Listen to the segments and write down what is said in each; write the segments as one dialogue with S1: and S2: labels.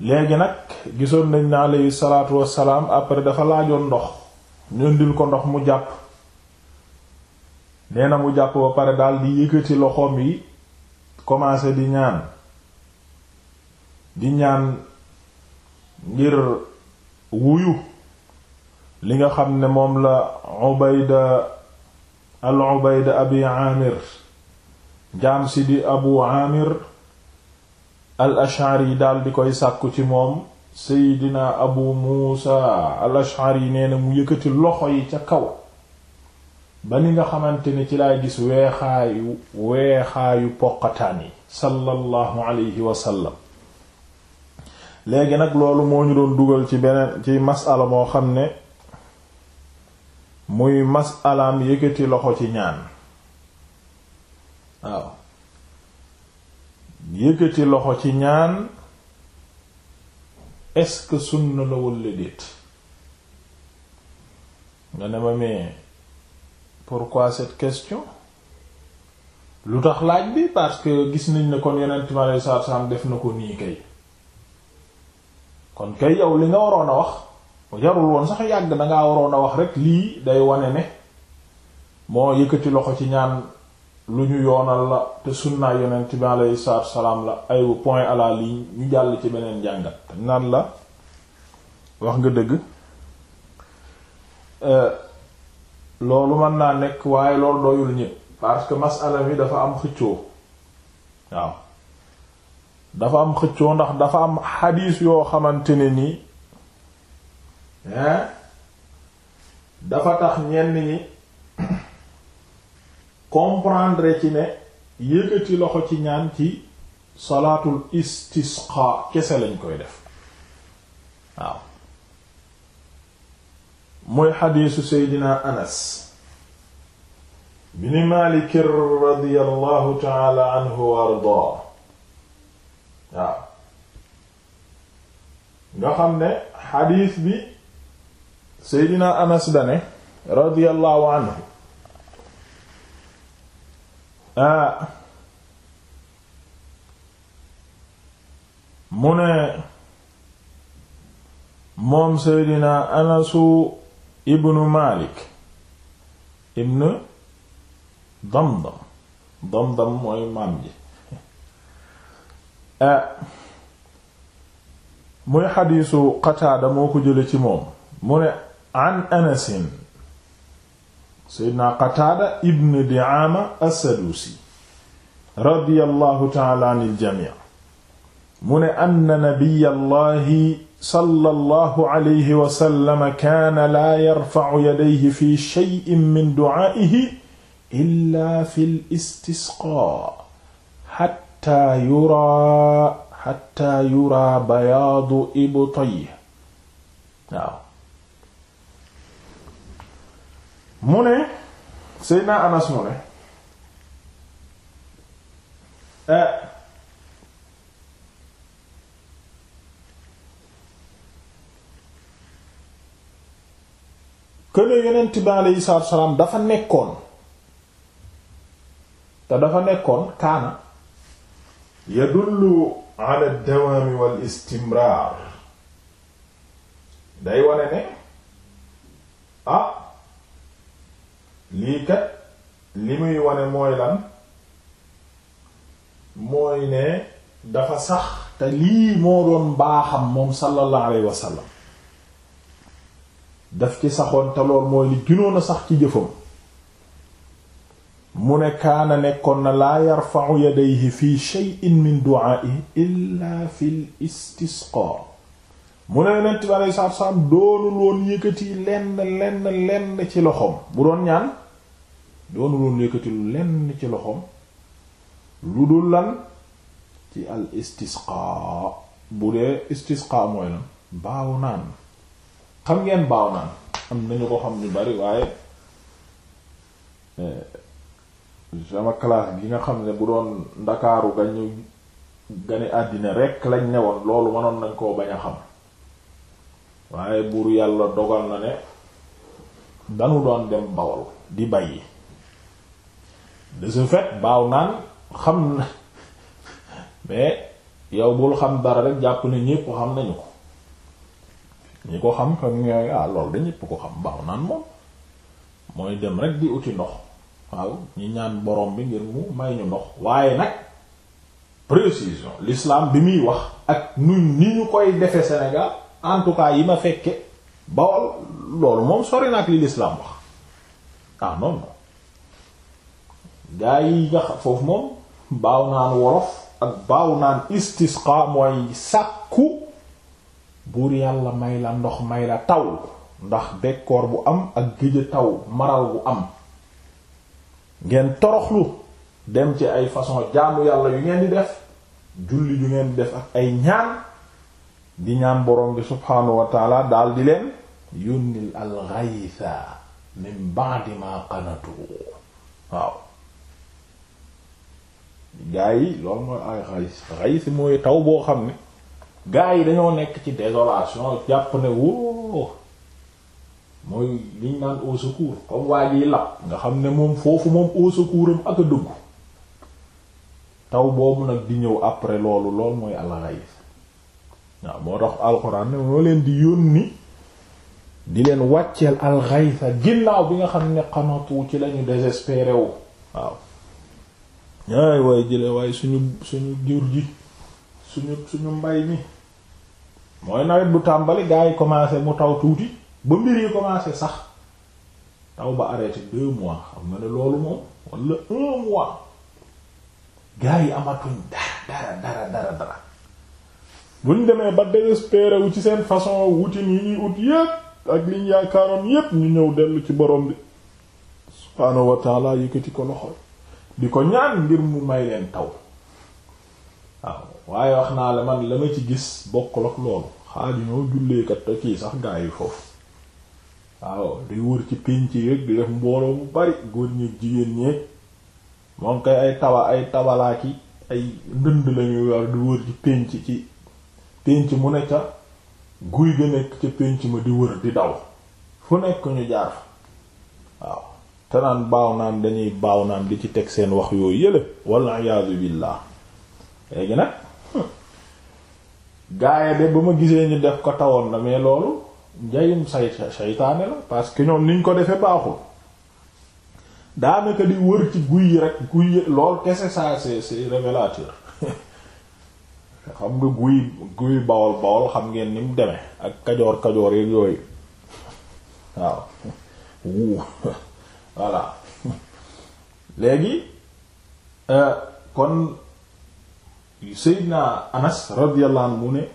S1: léegi nag gisoon nañ ne aleyhi salaatu après dafa laajoon ndox ñu indil ko ndox mu jàpp nee na mu jàpp ba pare daal di yëkkati loxoom yi commencé di ñaan di ñaan ngir wuyu li nga xam ne moom la ubayda al ubayda abi amir jaam si di abu amir al yi daal di koy sàkku ci moom seydina abu muusa al yi nee na mu yëkkati loxo yi ca kaw ba ni nga xamante ni ci laa gis weexaayu weexaayu poqataan yi sallallahu alayhi wasallam léegi nag loolu moo ñu doon dugal ci beneen ci masala moo xam ne muy masalaam yëkkati loxo ci ñaan waaw yëkkati loxo ci ñaan est-ce que sunna la walla déet nga ne ma mais pourquoi cette question lu tax laaj bi parce que gis nañ ne kon yonent mi aleyhi salaatu salaam def na ko nii kay kon kay yow li nga waroon a wax jarul woon sax yàgg dangaa waroon a wax rek lii day wane ne moo yëkkati loxo ci ñaan lu ñu yoonal la te sunnaa yonent bi alayhi salaatu salaam la ay point à la ñu jàll ci beneen jàngat nan la wax nga dëgg euh, loolu mën naa nekk waaye loolu doyul ñépp parce que masala mi dafa am xëccoo waaw dafa am xëccoo ndax dafa am xadiis yoo xamante ne nii dafa tax ñenn ñi comprendre ci ne yëkkati loxo ci ñaan ci salaatul istisqa kese lañ koy def waaw mooy xadiisu seydina anas bini Maalik radiyallahu ta'ala anhu waaw nga xam ne xadiis bi seydina anas dane radiyallahu anhu Ah. mu ne moom seydina anasu ibnu malik ibnu damdam damdam mooy maam ji ah. muy xadiisu qataada moo ko jële ci moom mu ne anasin seydna qataada ibn diama assaduusi radiyallahu taala an iljamic mu ne anna nabiya allahi sallallahu alayhi wa sallam kaana laa yarfacu yadayhi fi shay'in min ducaa'ihi illaa fi l-istisqaa xattaa yuraa xattaa yuraa bayaadu ibtayhi waaw mu ne Seydina Anas mu ne këne eh, yonent bi aleyhi salaatu wa salaam dafa nekkoon te dafa nekkoon kaana yadullu ala dawaami wal istimraar day wane ne ah lii kat li muy wane mooy lan mooy ne dafa sax te lii moo doon baaxam moom sallallahu alayhi wa daf ci saxoon te lool mooy li gënoon a sax ci jëfam mu ne kaana nekkoon na laa yarfa'u fii fi shay'in min du'a'ihi illa fil istisqa mu ne yonent bi aleyhi salaatu salaam doonul woon yëkkati lenn lenn lenn ci loxoom bu doon ñaan loolu yëkkati lu lenn ci loxoom lu dul lan ci al istisqa bu dee istisqa mooy lan baaw naan xam ngeen baaw naan am nañu ko xam ñu bari waaye eh, sama classe gi nga xam ne bu doon ndakaaru gañu gane àddina rekk lañ newoon loolu mënoon nañ koo bañ a xam waaye buur yàlla dogal na ne danu doon dem bawol di bàyyi de ce fait baaw naan xam na mais yow bul xam dara rek jàpp ne ñépp xam nañu ko ñi ko xam xam ñooy ah loolu da yëpp ko xam baaw naan moom mooy dem rek di uti ndox waaw ñi ñaan borom bi ngir mu may ñu ndox waaye nag précision l'islam bi muy wax ak ñun ni ñu koy defe Sénégal en tout yi ma fekke ba loolu moom sori na ak li l'islam wax ah non non gaa yi nga foofu moom baaw naan wolof ak baaw naan istisqa mooy sàkku buur yàlla may la ndox may la taw ndax bekkoor bu am ak géja taw maral bu am ngeen toroxlu dem ci ay façon jaamu yàlla yu ngeen di def julli yu ngeen di def ak ay ñaan di ñaan borom bi subhaanahu wa di leen yónnil al ghaytha min waaw gaa yi loolu mooy ay xayis mooy taw boo xam ne gaa yi dañoo nekk ci désolation jàpp ne wóo mooy liñ naan au comme waa jiy lap nga xam ne moom foofu moom au ak a dugg taw boobu nag di ñëw après loolu lool mooy al xayis waaw moo tax alxuraan ne moo leen di yónni di leen wàcceel al xaysa ginnaaw bi nga xam ne xanatu ci lañu désespéré waaw ay waaye jële waaye suñu suñu jur ji suñu suñu mbay mi mooy nawet bu tàmbali gaa yi commencé mu taw tuuti ba mbir yi commencé sax taw ba arrêté deux mois xam nga ne loolu moom wala un mois gaa yi amatuñ dara dara dara dara buñ demee ba désespéré wu ci seen façon wutin yi ñuy ut yépp ak liñ yaakaaroon yépp ñu ñëw dellu ci borom bi subhaanahu wa taala yëkkati ko loxo di ko ñaan ngir mu may leen taw waaw waaye wax naa la man la ma ci gis bokkul ak loolu xaaju ñoo julleekat te kii sax gaa yi foofu waaw di wër ci pénc yëg di def mbooloo mu bari góor ñeek jigéen ñeek moom kay ay tabalaaki ay ndënd lañuy war di wër ci pénc ci pénc mu ne ca guy ga nekk ca pénc ma di wër di daw fu nekk ñu jaar fa te naan baaw naan dañuy baaw naan di ci teg seen wax yooyu yële walla iyaadu billaah léegi nag gaaya de ba ma gisee ñu def ko tawoon na mais loolu njayum say saytaane la parce que ñoom niñ ko defee baaxul daanaka di wër ci guy yi rek xam nga guy guy bawol bawol xam ngeen ni mu demee ak kajoor kajoor yeeg yooyu waaw voilà léegi euh, kon Seydina Anas radiyallahu anhu mu ne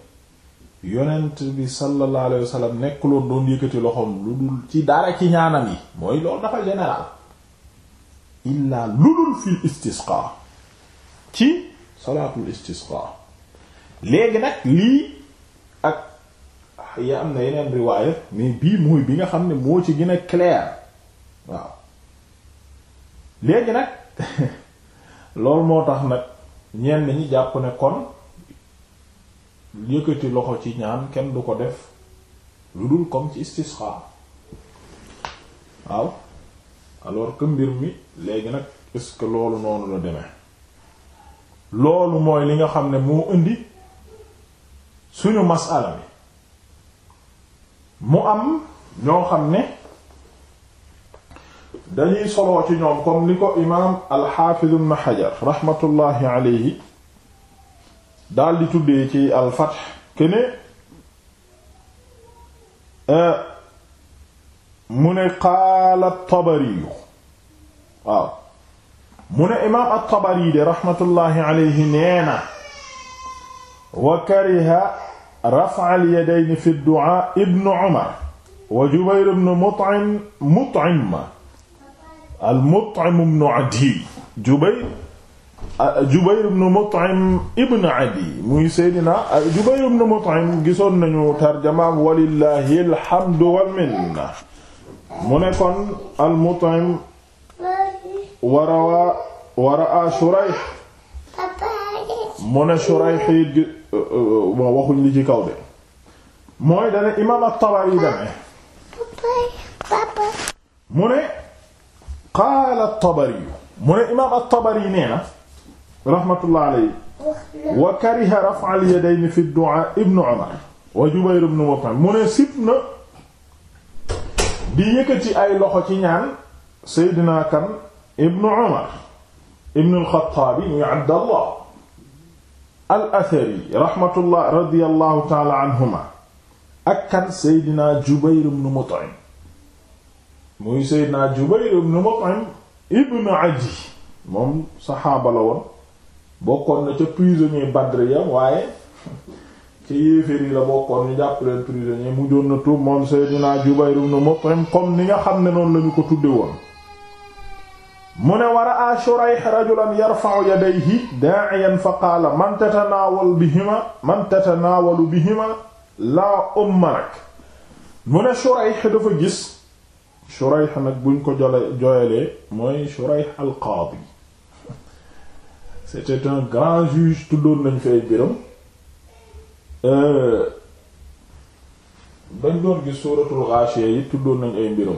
S1: yonent bi sallallahu alayhi nekkuloon doon yëkkati loxoom lu dul ci dara ci ñaanam yi mooy loolu dafa général illaa lu dul fil istisqa ci salaatul istisqa léegi nag lii ak ya am na yeneen riwaaya mais bii mooy bi nga xam ne moo ci gën a clair waaw léegi nag loolu moo tax nag ñenn ñi jàpp ne kon yëkkati loxo ci ñaan kenn du ko def lu dul comme ci istisqa waaw alors que mbir mi léegi nag est que loolu noonu la deme loolu mooy li nga xam ne moo indi suñu masala bi mu am ñoo xam ne dañuy soloo ci ñoom comme ni ko imaam alxaafiz ibn Hajar raxmatullaahi alayhi daal di tuddee ci alfath kene eh, mu ne qaala Tabari waaw mu ne imaam at-Tabari de raxmatullaahi alayhi nee na wa kariha raf'a al-yadayni fi ad-du'aa ibn Umar wa Jubayr ibn Mut'im Mut'im al ah, Mut'im ibn Adi Adi muy Seydina ah, Jubayr ibn Mut'im gisoon nañu tarjamaam walillahi alhamdu wal minna kon al waraa Shurayh mu ne Shurayh it uh, uh, ci kaw imaam at-Tabari dane qaala at-Tabari mu ne imaam at-Tabari nee na rahmatullah alayhi wa kariha raf'a al-yadayni fi ad-du'a ibn Umar wa Jubayr ibn Mut'im mu ne sib na di yëkkati ay loxo ci ñaan Seydina kan ibn Umar ibn al-Khattab ibn Abdallah al-Athari rahmatullah radiyallahu ta'ala anhuma ak kan Seydina Jubayr ibn Mut'im muy naa Jubayr ibn Mut'im ibn Adi moom saxaaba la woon bokkoon na ca prisonnier Badr ya waaye ca yéeféer yi la bokkoon ñu jàpp leen prisonnier mu doon na tuub moom Seydina Jubayr ibn Mut'im comme ni nga xam ne noonu lañu ko tudde woon mu ne war a Shurayh rajulan yarfa'u yadayhi da'iyan fa qaala man tatanaawalu bihima man tatanaawalu bihima laa umma nak mu ne Shurayh dafa gis Shurayh nag buñ ko jole joyelee mooy Shurayh al-Qadi c'était un grand juge tuddoon nañ fay biram dañ euh, doon gis suuratul Ghashiya yi tuddoon nañ ay mbiram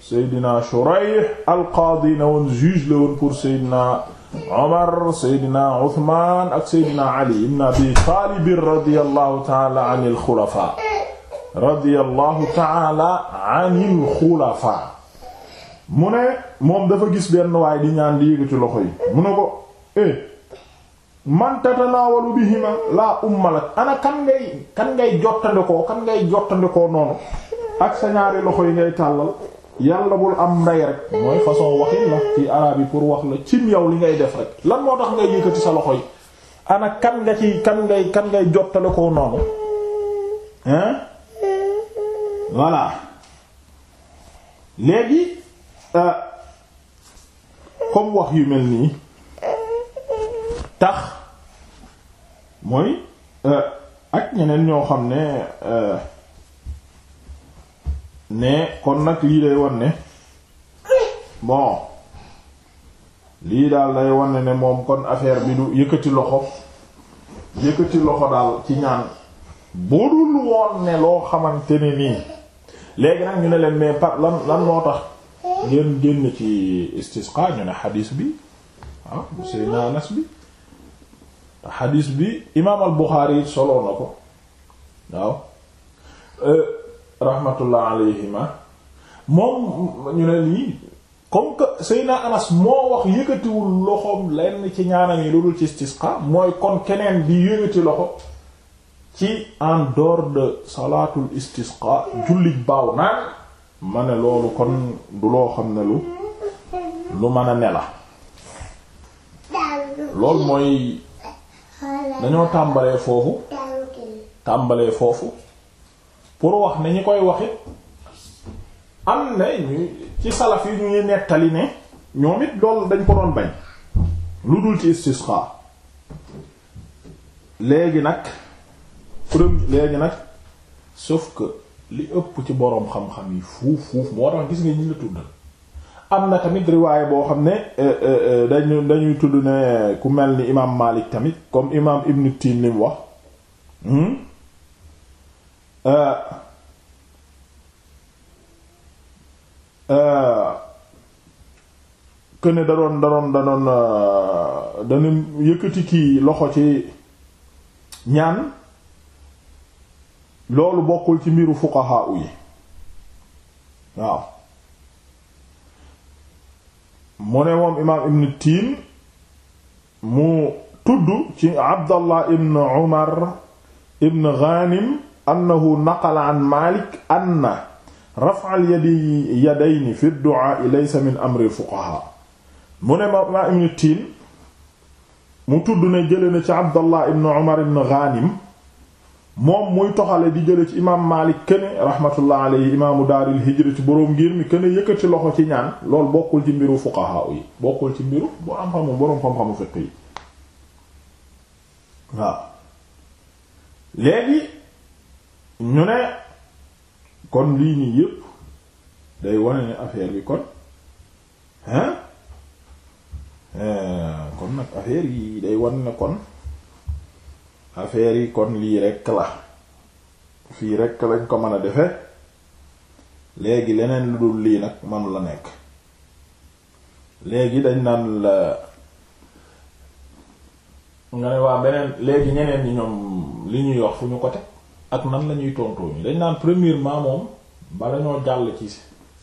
S1: Seydina Shurayh al-Qaadi na woon juge la woon pour Seydina Omar Seydina Othman ak Seydina Ali ibn Abi Taalib radiyallahu ta'ala anil xulafaa radiyallahu taala anil xulafaa mu ne moom dafa gis benn waaye di ñaan di yéegu ci loxo yi mu ne ko eh man tatanaawalu bihima laa ummalak ana kan ngay kan ngay jottandikoo kan ngay jottandikoo noonu ak sa ñaari loxo yi ngay tàllal yàlla bul am ndey rek mooy façon waxin la ci araab yi pour wax la cim yow li ngay def rek lan moo tax ngay yëkkati sa loxo yi ana kan nga ci kan ngay kan ngay jottale ko noonu hein voilà léegi euh, comme wax yu mel nii tax mooy euh, ak ñeneen ñoo xam ne euh, ne kon nag lii day wan ne bon lii daal day wan ne ne moom kon affaire bi du yëkkati loxo yëkkati loxo daal ci ñaan boo dul woon ne loo xamante ne nii léegi nag ñu ne leen mais par lan lan moo tax ngeen génn ci istisqa ñu ne xadiis bi ah bu Anas bi xadiis bi imaam al Buxaari it ko waaw euh, rahmatullah alayhima moom ñu ne lii comme que Seydina Anas moo wax yëkkatiwul loxoom lenn ci ñaanam yi lu ci istisqa mooy kon keneen bi yëkkati loxo ci en dehors de salaatul istisqa jullit baaw naan ma ne loolu kon du loo xam ne lu lu mën a ne la loolu mooy dañoo tàmbalee foofu tàmbalee foofu pour wax ne ñi koy waxit am na ñu ci salaf yi ñuy nettali ne ñoom it loolu dañ ko doon bañ lu dul ci istisqa léegi nag premier léegi nag sauf que li ëpp ci boroom xam-xam yi fuuf fuuf moo tax gis nga ñu la tuddal am na tamit riwaay boo xam ne eh, eh, eh, dañu dañuy tudd ne ku mel ni imaam Maalik tamit comme imaam Ibn Tin lim wax hmm? que da doon da doon da doon yëkkati kii loxo ci ñaan loolu bokkul ci mbiru fuqaha yi waaw mu ne moom imaam ibn tiin mu tudd ci abdallah ibn umar ibn ghanim annahu naqala an malik anna raf'al yadi yadayni fi du'aa laysa min amri fuqaha mu ne moom imaam ibn tiin mu tudd ne jële ci abdallah ibn umar ibn ghanim moom muy toxale di jële ci imaam Maalik kene rahmatullah alayhi imaamu daaril hijra ci boroom ngir mi kene yëkkati loxo ci ñaan loolu bokkul ci mbiru fuqaha yi bokkul ci mbiru bu am xamu boroom xam-xamu fiqh yi waaw léegi ñu ne kon lii nii yépp day wane ne affaire bi kon hein eh, kon nag affaire yi day wane ne kon affaire yi kon lii rekk la fii rek lañ ko mën a defe léegi leneen lu dul lii nag manu la nekk léegi dañ naan la nga ne waa beneen léegi ñeneen ñi ñoom li ñuy wax fu ñu ko teg ak nan la ñuy tontoo ñu dañ naan premièrement moom bala ñoo jàll ci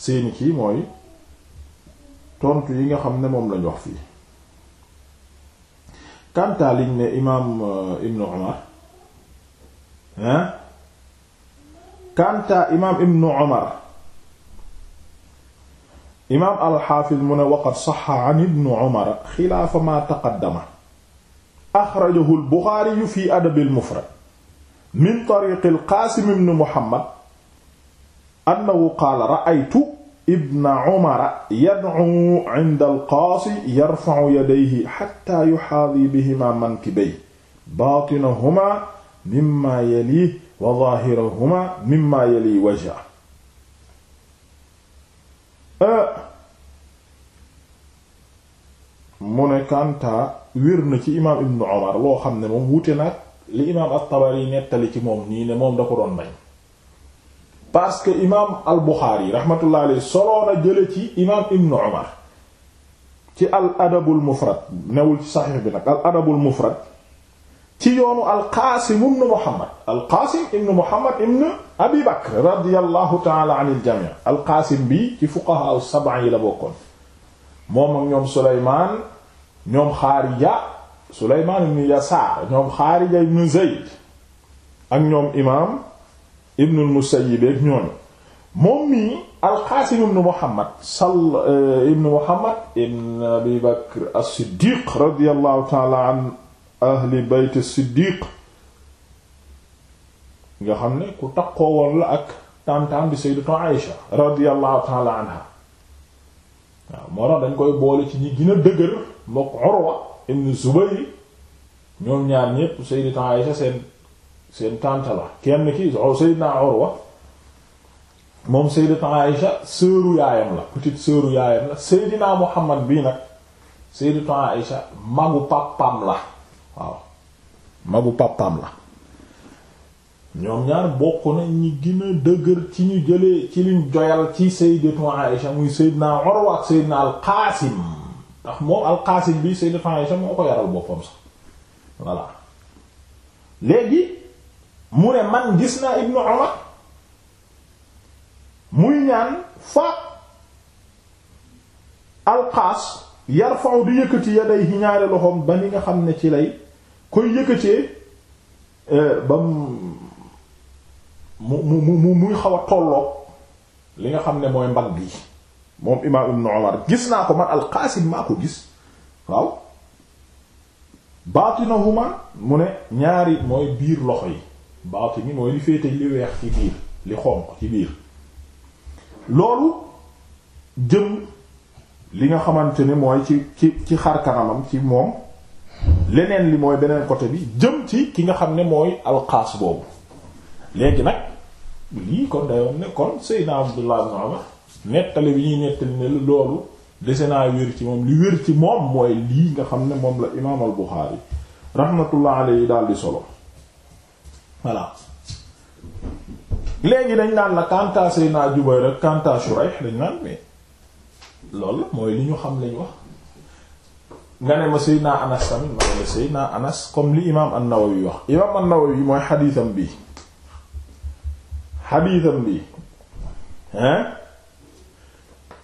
S1: seeni ci mooy tontu yi nga xam ne moom lañ wax fii kantaa liñ ne imaam euh, ibnu Umar hein kantaa imaam ibnu Umar imaam alxaafiz mu ne waqad saxa an ibnu Umar xilaafa ma taqaddama axrajahu albuxaariyu fi adabil mufrad min tariiqi alqaasim ibnu Muhammad annahu qaala ra'aytu ibna umara yad'u 'inda al-qaasi yarfa'u yadayhi hatta yuhaadi bihimaa mankibayhi baatinahumaa mimmaa yaliihi wa zaahirahumaa mimmaa yaliihi wajhahu mu ne Kantaa wér na ci imaam Ibn Umar loo xam ne moom wuute nag li imaam at-Tabari nettali ci moom nii ne moom da ko doon bañ parce que imaam al Buxaari rahmatullah alayhi soloo na jële ci imaam Ibn Umar ci al adabul mufrad newul ci saxiix bi nag al adabul mufrad ci yoonu al Qaasim ibn Muhammad al Qaasim ibn Muhammad ibn Abi Bakr radiyallahu ta'ala anil jamii al Qaasim bi ci fuqaha al sab'a yi la bokkoon moom ak ñoom Souleymane ñoom Xaarija Souleymane ibn Yasaar ñoom Xaarija ibn Zayd ak ñoom imaam. ibnul Musayyib ak ñooñu moom mii alqaasim ibnu Muhammad sal eh, ibnu Muhammad ibn Abi Bakr as-Siddiq radiyallahu ta'ala ahli bayt as nga xam ne ku takkoo woon la ak tantam bi sayyidatu Aïsha radiyallahu ta'ala anha waaw moo tax dañ koy boole ci ñi gën a dëgër mook Urwa ibn Zubayr ñoom ñaar ñépp sayyidatu Aïsha seen seen tànta la kenn ki Seydina Urwa moom Sayyidatu Aïsha sœuru yaayam la petite sœuru yaayam la Seydina Muhammad bii nag Sayyidatu Aïsha magu pàppam la waaw magu pàppam la ñoom ñaar bokk na ñi gën a dëgër ci ñu jëlee ci liñ joyal ci Sayyidatu Aïsha muy Seydina Urwa ak Al-Qaasim ndax moom Al-Qaasim bi Sayyidatu Aïsha moo ko yaral boppam sax voilà léegi mu ne man gis naa ibnu Umar muy ñaan fa alxaas yarfa'u di yëkkati yadayhi ñaari loxoom ba ni nga xam ne ci lay koy yëkkatee e, ba mu mu mu muy xaw a tolloog li nga xam ne mooy mbagg yi moom imaam ibnu Umar gis naa ko man alxaasim maa ko gis waaw baatinahuma mu ne ñaari mooy biir loxo yi baati ni mooy li féete li weex ci biir li xonq ci biir loolu jëm li nga xamante ni mooy ci ci ci xar ci moom leneen li mooy beneen côté bi jëm ci ki nga xam ne mooy alxaas boobu léegi nag lii kon dayoon ne kon Seydina Abdullah ibn Umar nettali bi ñuy nettali ne loolu dese naa wér ci moom li wér ci moom mooy lii nga xam ne moom la imaam al Buxaari rahmatullah alayhi daal di solo voilà léegi dañ naan la kanta Seydina Jubayr rek kanta Shurayh dañ naan mais loolu mooy li ñu xam lañ wax nga ne ma Seydina Anas tamit ma ne la Anas comme li imaam an-Nawawi wax imaam an-Nawawi mooy xadiisam bi xadiisam bi hein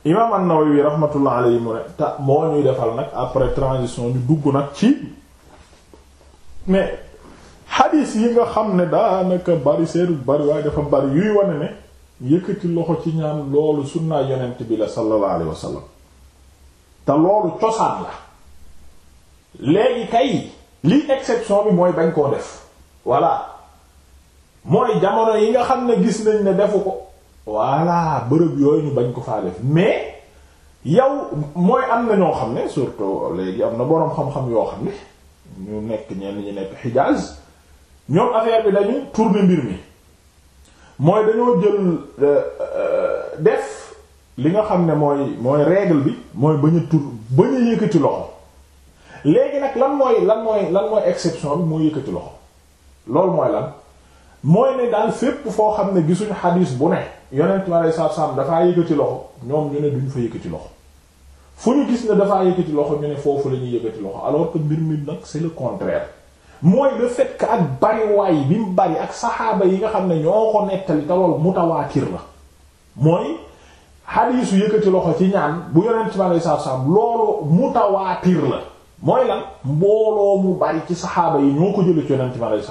S1: imaam an-Nawawi rahmatullah alayhi mu ne ta moo ñuy defal nag après transition ñu dugg nag ci mais xadiis yi nga xam ne daa daanaka bari seetu bari waaye dafa bari yuy wane ne yëkkati loxo ci ñaan loolu suñ sunnaa yonent bi la sallallahu alayhi wasallam te loolu cosaan la léegi kay li exception bi mooy bañ koo def voilà mooy jamono yi nga xam ne gis nañ ne defu ko voilà bërëb yooyu ñu bañ ko faa def mais yow mooy am na ñoo xam ne surtout léegi am na boroom xam-xam yoo xam ne ñu nekk ñenn ñu nekk Hijaz ñoom affaire bi dañu bi mbir mi mooy dañoo jël euh, euh, def li nga xam ne mooy mooy règle bi mooy bañ a tur bañ a yëkkati loxo léegi nag lan mooy lan mooy lan mooy exception bi mooy yëkkati loxo loolu mooy lan mooy ne daal fépp foo xam ne gisuñu xadiis bu ne yonent ma lay saab-saab dafaa yëkkati loxo ñoom ñu ne duñ fa yëkkati loxo fu ñu gis ne dafaa yëkkati loxo ñu ne foofu la ñuy yëkkati loxo alors que mbir mi nag c'est le contraire mooy la fekk ak bariwaay bi mu bari ak saxaaba yi nga xam ne ñoo ko nettali te loolu mutawaatir la mooy xadiisu yëkkati loxo ci bu yonent bi alei satu salaam loolu mutawaatir la mooy lan mbooloo mu bari ci saxaaba yi ñoo ko jële ci yonent bi alei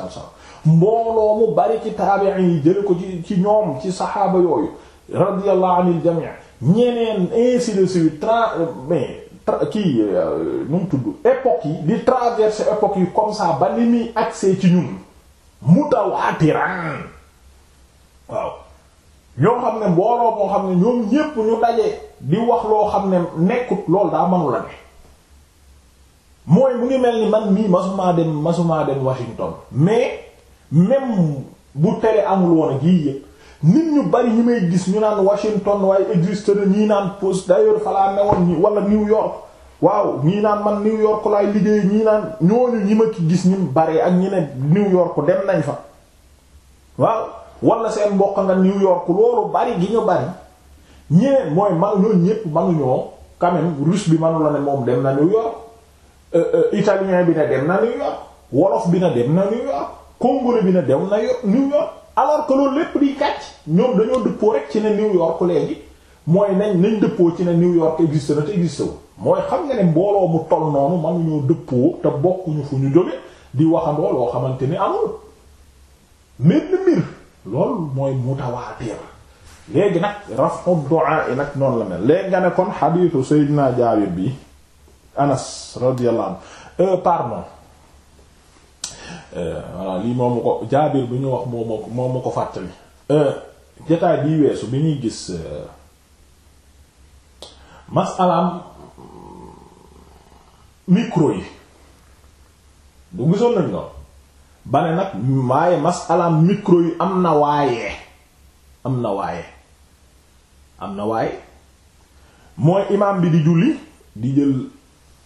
S1: mbooloo mu bari ci taabiin yi jële ko ci ci ñoom ci saxaaba yooyu radiyallahu anil jami' ñeneen ainsi de suite mais kii euh, nu mu tudd époque yi di traverser époque yi comme ça ba ni muy accès ci ñun mutawaatiran waaw ñoo xam ne mbooloo moo xam ne ñoom ñépp ñu daje di wax loo xam ne nekkut lool daa mënu la mooy mu ngi mel ni man mii masumaa dem masumaa dem Washington mais même bu tere amul woon a gii nit ñu bari ñi may gis ñu naan Washington waaye existe na ñii naan post d'ailleurs falaa newoon wala New York waaw ñii naan man New York laay liggéey ñii naan ñooñu ñi ma ci gis ñu bari ak ñeneen ne New York dem nañ fa waaw wala seen mboq nga New York loolu bari gi ñu bari ñee mooy mag ñoo ñépp manuñoo quand même russe bi manu la ne moom dem na New York euh, euh, italien bi ne dem na New York wolof bi na dem na New York congolais bi na dem na New York alors ko loolu lépp di kàcc ñoom dañoo dëppoo rek ci ne New York léegi mooy nañ nañ dëppoo ci ne New York existe na te existe wu mooy xam nga ne mbooloo mu toll noonu mënuñoo dëppoo te bokkuñu fu ñu jóge di waxandoo loo xamante ni amul mét na mbir loolu mooy mutawaatir léegi nag rafu du'a yi nag noonu la mel léegi nga ne kon xadiitu Seydina Jaabir bi Anas radiyallahu anhu euh, pardon Euh, voilà lii moo ma ko jaabir bi ñu wax moo ma ko fàttali euh, jotaay bii weesu bi ñuy gis euh, masalaam micro yi du gisoon nañ noonu ba nag waaye masalaam micro yi am na waaye am na waaye am na waaye mooy imaam bi di julli di jël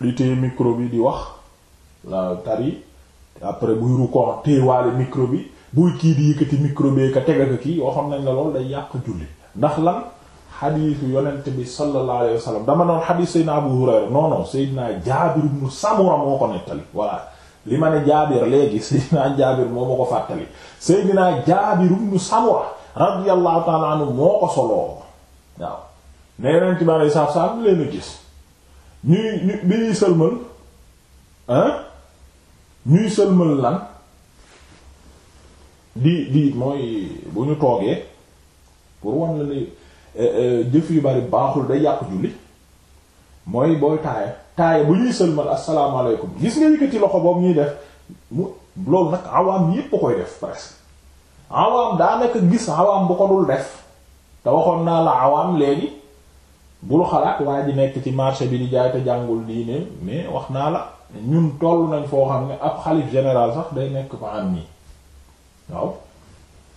S1: li téye micro bi di wax la tari après buy rukkoo téewaale micro bi buy kii di yëkkati micro bee ka teg ak nañ la loolu day yàq julli ndax lan xadiisu yonent bi sallallahu alayhi wa sallam dama noon xadiis Seydina Abu Hurayra non non Seydina Jaabir ibn moo ko nettali voilà li ma ne Jaabir léegi Seydina Jaabir moo ma ko fàttali Seydina Jaabir ibn Samura radiyallahu ta'ala anhu moo ko soloo waaw ne yonent bi alayhi salaatu wa salaam leen a gis ñuy bi ñuy sëlmal ah ñuy sëlmal lan di di mooy bu ñu toogee pour wan la ni eh, eh, jëf yu bari baaxul day yàqu julli mooy booy taaya taaya bu ñuy sëlmal asalaamaaleykum gis nga ci loxo boobu ñuy def mu loolu nag awaam yépp koy def presque awaam daa nekk gis awaam bu ko dul def te waxoon naa la awaam léegi bul xalaat waa ji nekk ci marché bi di jaay te jàngul diine mais wax naa la ñun toll nañ foo xam ne ab xalif général sax day nekk ba am nii waaw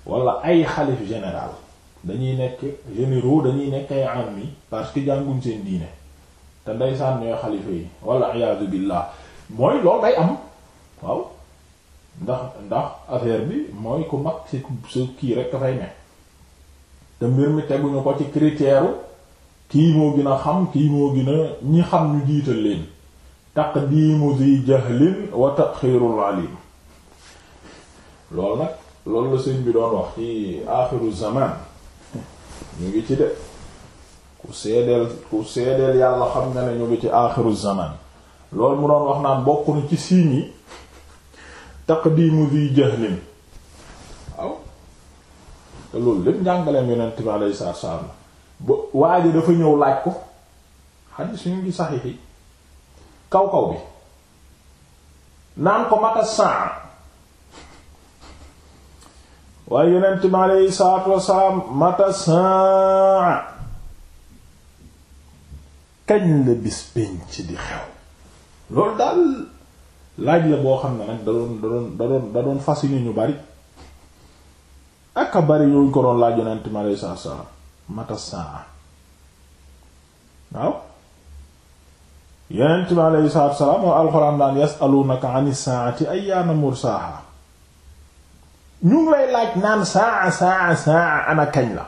S1: wala ay xalif général dañuy nekk généraux dañuy nekk ay am nii parce que jànguñ seen diine te ndeysaan ñooy xalifa yi wala iyaadu billah mooy loolu day am waaw ndax ndax affaire bi mooy ku mag si su kii rek dafay ne te mbir mi teguñu ko ci critère kii moo gën a xam kii moo gën ñi xam ñu jiital leen taqdiimu zi jahlin wa taxiirul alim loolu nag loolu la sëñ bi doon wax ci aaxiru zamaan ñu ngi ci de ku seedeel ku seedeel yàlla xam nga ne ñu ngi ci aaxiru zamaan lool mu doon wax naan bokk na ci signes yi taqdiimu zi jahlin waaw te loolu lépp njàngaleem yonent bi alayhi salaatu wa salaam ba waaye dafa ñëw laaj ko xadiis ñu ngi saxiix kaw kaw bi naan ko mata saa waaye yonent mi aleyhi kañ la bis pénc di xew loolu daal laaj la boo xam ne nag da doon da doon da doon da doon fas ñu bari ak bari yooyu ko doon laaj yonent mi aleyhi salaatu wassalaam waaw yonent bi aleyhi salaatu wasalaam wa alxuraan daan yasaluunaka ani saati ayyaana mursaaha ñu ngi lay laaj naan saa saa saa ana kañ la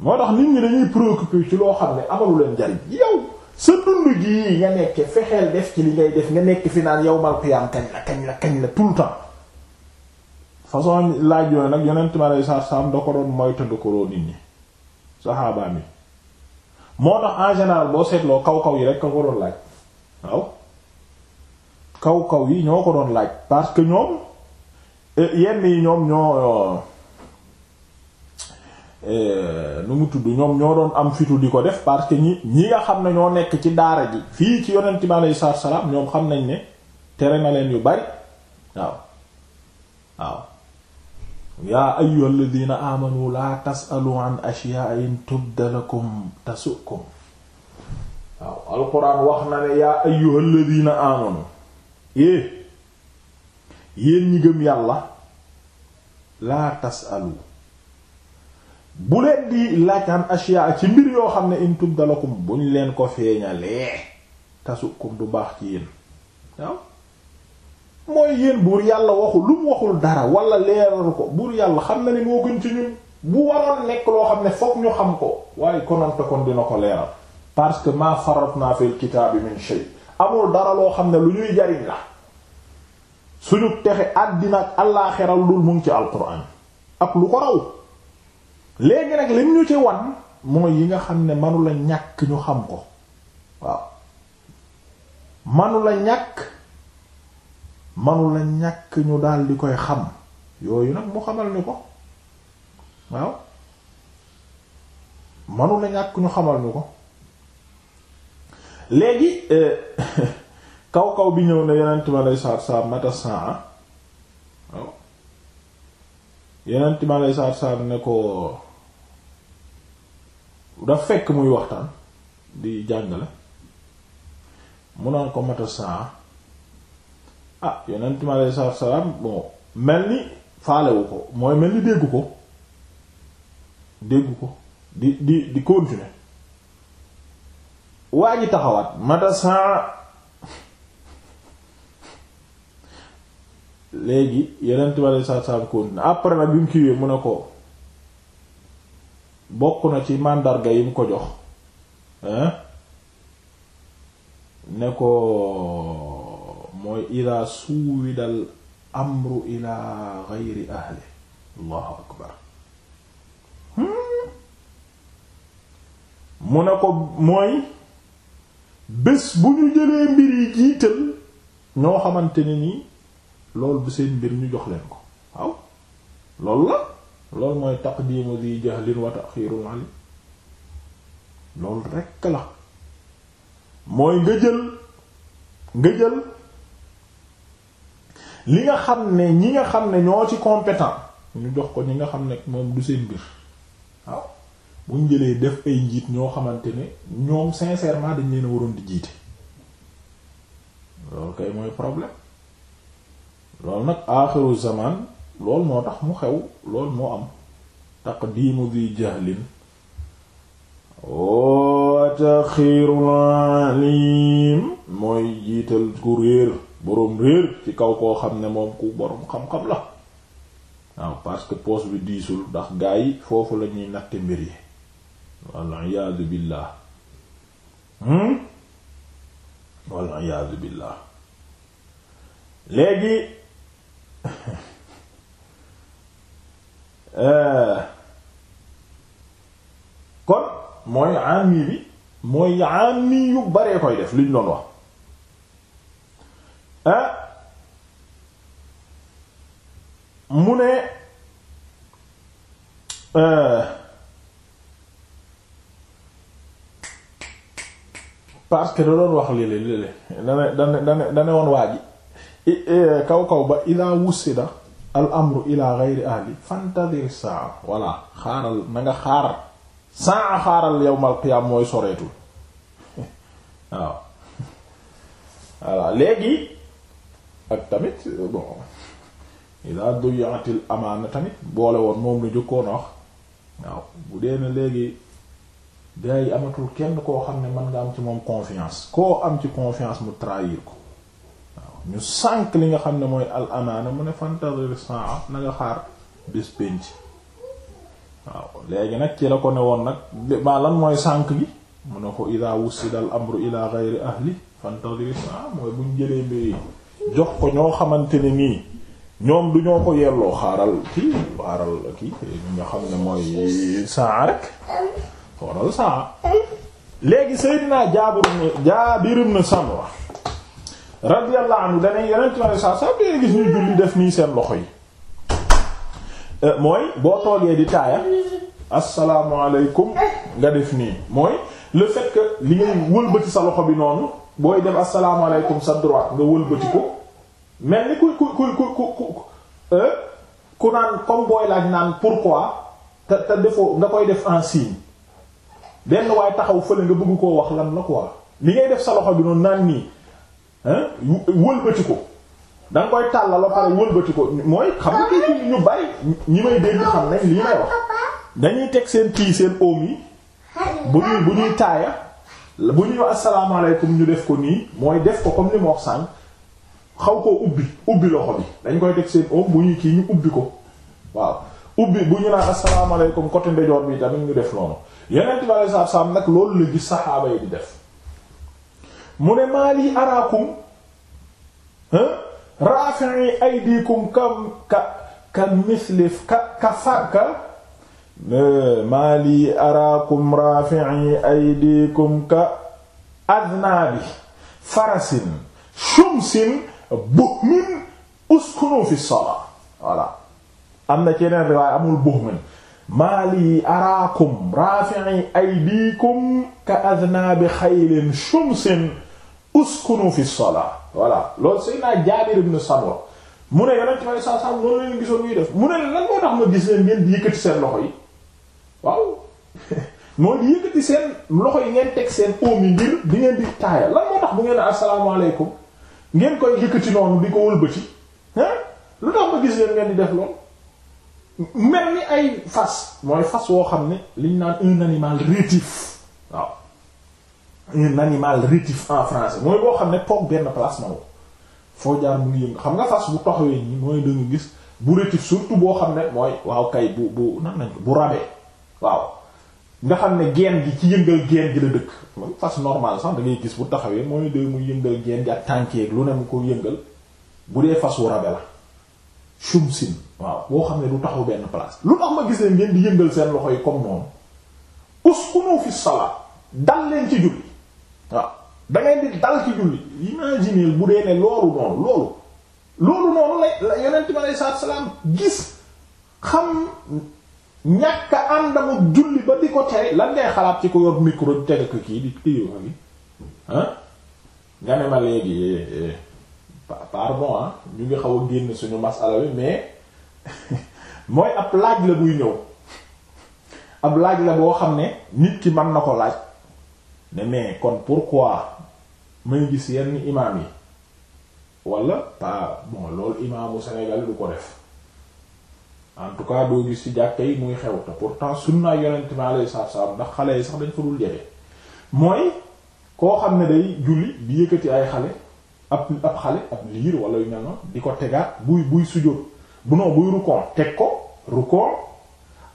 S1: moo tax nit ñi dañuy préoccupé ci loo xam ne amalu leen jariñ yow sa dund gii nga nekke fexeel def ci li ngay def nga nekk fi naan yawmal qiyaam kañ la kañ la kañ la tout le temps façon laaj yooyu nag yeneen bi aleyhi salaatu wasalaam da ko doon moytandu ko nit ñi saxaabaam moo tax en général boo seetloo kaw-kaw yi rek ka ko doon laaj waaw kaw-kaw yi ñoo ko doon laaj parce que ñoom eh, yenn yi ñoom ñoo eh, nu mu tudd ñoom ñoo doon am fitu di ko def parce que ñi ñi nga xam ne ñoo nekk ci daara ji fii ci yonent bi aleyhi salaatu salaam ñoom xam nañ ne tere na leen yu bari waaw waaw yaa ayyuhal ladina amanu laa tasalu an ashyaa in tubda lakum tasukum waaw alquran wax na ne yaa ayyuhal ladina amanu é yéen ñi gëm yàlla laa tasalu bu leen di laaj an ashyaa ci mbir yoo xam ne in tubda lakum buñ leen ko feeñalee tasukum du baax ci yéen waaw mooy yéen buur yàlla waxu lu mu waxul dara wala leeral ko buur yàlla xam na ne moo gën ci ñun bu waroon nekk loo xam ne fokk ñu xam ko waaye kononte kon dina ko leeral parce que maa faratna fil kitaabi min shay amul dara loo xam ne lu ñuy jariñ la suñu texe àddina ak àllaaxira dul mu ngi ci alquran ak lu ko raw léegi nag lim ñu ci wan mooy yi nga xam ne manula ñàkk ñu xam ko waaw manula ñàkk manu ñàkk ñu daal di koy xam yooyu nag mu xamal ni ko waaw manu ñàkk ñu xamal ñu ko léegi euh, kaw kaw bi ñëw ne yenent ma lay saar saar mata saa waaw yenent ma lay saar saar ne ko daf fekk muy waxtaan di jàngale mu naan ko mata saa ah yonent mi aleyhi salaatu wa salaam bon mel ni faalewu ko mooy mel ni dégg ko dégg ko di di di continuer waa ji taxawaat mata saa léegi yeneen tibale saab saab continuer après nag bi mu kiiwee mu ne ko bokk na ci màndarga yi mu ko jox hein ne ko ida suwidal amru ila gayri ahli allahu akbar mu ne ko mooy bés bu ñu jëlee mbir yi jiital ñoo xamante ne nii lool bu seen mbir ñu jox leen ko waaw loolu la loolu mooy taqdimu di jahlin wa taxiirul alim loolu rekk la mooy nga jël nga jël li nga xam ne ñi nga xam ne ñoo ci compétent ñu jox ko ñi nga xam ne moom du seen mbir waaw buñ jëlee def ay njiit ñoo xamante ne ñoom sincèrement dañ leen waroon di jiite loolu kay mooy problème loolu nag aaxiru zaman loolu moo tax mu xew loolu moo am taqdimu di jahlin wa taxiirul alim mooy jiital ku réer boroom réer ci kaw koo xam ne moom ku boroom xam-xam la waaw parce que poche bi diisul ndax gaa yi foofu la ñuy natte mbir yi wal iyaadu billaah hmm? léegi eh, kon mooy ami bi mooy ami yu baree koy def liñ doon wax Ah. mu ne euh, parce que da doon wax léeg-léeg léeg-léeg dane dane dane dane woon waa ji kaw kaw ba ila wusida al amru ila ghayri ahli fantadir saa walla xaaral na xaar saa xaaral yawmal qiyaam mooy soreetul waaw voilà léegi ak tamit bon ila doyatil amaana tamit boole woon moom la jëkkoon wax waaw bu dee ne léegi gars yi amatul kenn koo xam ne mën nga am ci moom confiance koo am ci confiance mu trahir ko waaw ñu sànq li nga xam ne mooy al amaana mu ne fantadir saa na nga xaar bés penc waaw léegi nag ci la ko ne woon nag maa lan mooy sànq gi mu ne ko ila wussidal amru ila ghayri ahli fantadir saa mooy buñ jëlee mbir yi jox ko ñoo xamante ne nii ñoom du ñoo ko yelloo xaaral kii xaaral kii ñu nga xam ne mooy saa rek xoolal saa léegi Seydina Jaabir Jaabir ibn Samura radiyallahu anhu dane yeneen tubaab saa saa bee gis ñuy julli def nii seen loxo yi eh, mooy boo toogee di taaya assalaamu alaykum nga def nii mooy la fekk li ngay wëlbati sa loxo bi noonu booy def assalaamu alaykum sa droite nga wëlbati ko mel ni kuy kuy kuy kuy ku eh? ku naan comme booy laaj naan pourquoi te te defoo nga koy def en benn waaye taxaw fële nga bëgg koo wax lan la quoi li ngay def sa loxo bi noonu naan nii eh? wëlbati ko da koy tàllal ba pare wëlbati ko mooy xam nga kii ñu bari ñi may dégg xam nañ lii may wax dañuy teg seen kii seen oom yi bu ñuy bu ñuy taaya bu ñuy wax asalaamaaleykum ñu def ko nii mooy def ko comme ni ma wax sànq. xaw koo ubbi ubbi loxo bi dañ koy teg seen oom bu ñuy kii ñu ubbi ko waaw ubbi bu ñu naan asalaamaaleykum côté ndejoor bi tamit ñu def noonu yeneen bi alei satu salaam nag loolu la gis saxaaba yi di def mu ne maali araakum rafi'i aydikum kam ka adnaabi farasin shumsin buhmin uskunu fi salaa voilà am na ci yeneen riwaay amul buhmin maali araakum raafi'i aydiikum ka adnaabi xaylin shumsin uskunu fi salaa voilà loolu Seydina Jaabir ibn Samura mu ne yonent bi noonu mu ne lan moo tax ma gis ngeen yëkkati seen loxo yi waaw moo di yëkkati seen loxo yi ngeen teg seen oom yi ngir di ngeen di taaya lan moo tax bu ngeen assalaamu alaykum ngeen koy yëkkati noonu di ko wëlbati lu tax ma gis leen ngeen di def lool mel ni ay fas mooy fas woo xam ne liñ naan un animal rétif waaw un animal rétif en français mooy boo xam ne toog benn place na wo foo jaar mu ngi yëngu xam nga fas bu taxawee nii mooy da gis bu rétif surtout boo xam ne mooy waaw kay bu bu nan nañ ko bu rabee waaw nga xam ne geen gi ci yëngal geen gi la dëkk man fas normal sax da ngay gis bu taxawee mooy de mu yëngal geen gi ak tànkeeg lu ne mu ko yëngal bu dee fas wu rabe la shumsin waaw boo xam ne du taxaw benn place lu tax ma gisee ngeen di yëngal seen loxo yi comme noonu uskunu fi salaat dal leen ci julli waaw da di dal ci julli imaginer bu dee ne loolu noonu loolu loolu noonu la la yonent bi aleyhi salaam gis xam ñàkk ànd ak julli ba di ko tere lan ngay xalaat ci ko yor micro di teg ko kii di téye ko ah nga ne ma léegi eh, eh, pardon ah ñu ngi xaw a génn suñu masala bi mais mooy ab laaj la buy ñëw ab laaj la boo xam ne nit ki mën na ko laaj ne mais kon pourquoi may gis yenn imaam yi wala pa bon loolu imaamu Sénégal du ko def. en tout cas doo gis ci jàkka yi muy xew te pourtant sunna yonent mi alayhi salaatu salaam ndax xale yi sax dañ fa dul jege mooy koo xam ne day julli di yëkkati ay xale ab ab xale ab liir wala yu mel noonu di ko tegaat buy buy sujjóot bu non buy rukoon teg ko rukoon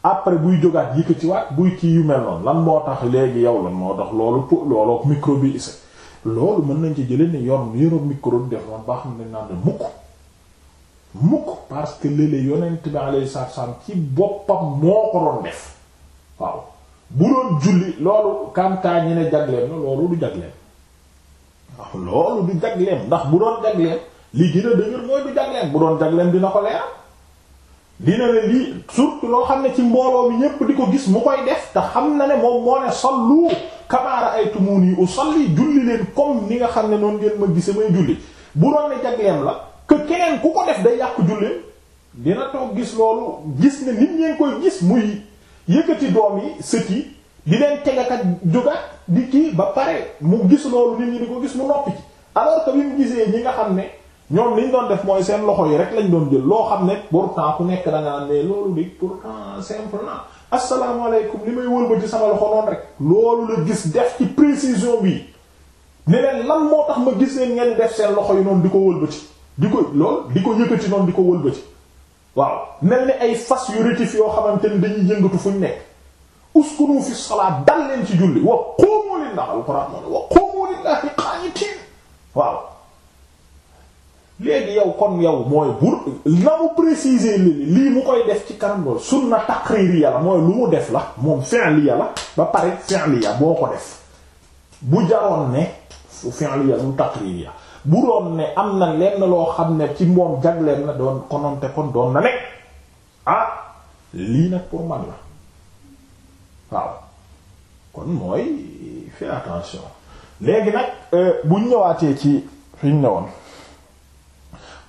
S1: après buy jógaat yëkkatiwaat buy kii yu mel noonu lan moo tax léegi yow lan moo tax loolu pour looloo micro bi isa loolu mën nañ ci jëlee ne yoon yoroon micro bi def noonu baax na ne naan mukk mukk parce que léeg-léeg yonent bi alayhi salaatu wasallam ci boppam moo ko doon def waaw bu doon julli loolu kantaa ñi ne jagleem la loolu du jagleem waaw loolu du jagleem ndax bu doon jagleem li gën dëgër mooy du jagleem bu doon jagleem dina ko leeral dina ne lii surtout loo xam ne ci mbooloo mi ñépp di ko gis mu koy def te xam na ne moom moo ne sallu kamaa ra'aytumuunii usalli julli leen comme ni nga xam ne noonu ngeen ma gise may julli bu doon ne jagleem la que keneen ku ko def day yàq julleen dina toog gis loolu gis ne nit ñeen koy gis muy yëkkati doom yi sët yi di leen tegakat jógaat di kii ba pare mu gis loolu nit ñi di ko gis mu noppi ci alors que bi mu gisee ñi nga xam ne ñoom liñ doon def mooy seen loxo yi rek lañ doon jël loo xam ne pourtant ku nekk da ngaa ne loolu di pourtant simple na asalaamaaleykum li may wëlbati sama loxo noonu rek loolu la gis def ci précision bi ne leen lan moo tax ma gis ngeen def seen loxo yi noonu di ko wëlbati di ko lool di ko yëkkati noonu di ko wëlbati waaw mel ni ay fas yu rétif yoo xamante ni dañuy yëngatu fuñ nekk uskunu fi salaat dal leen ci julli wa qumu lillahi alquran moo ne wa qumu lillahi qanitin waaw léegi yow kon yow mooy bur na mu préciser lii lii mu koy def ci kanam loolu sunna taqririya la mooy lu mu def la moom fi'liya la ba pare fi'liya boo ko def bu jaroon ne fi'liya lu taqririya bu doon ne am na lenn loo xam ne ci moom jagleen la doon kononte kon doon na nekk ah lii nag pour man la waaw kon mooy fais attention léegi nag euh, buñ ñëwaatee ci fiñ ne woon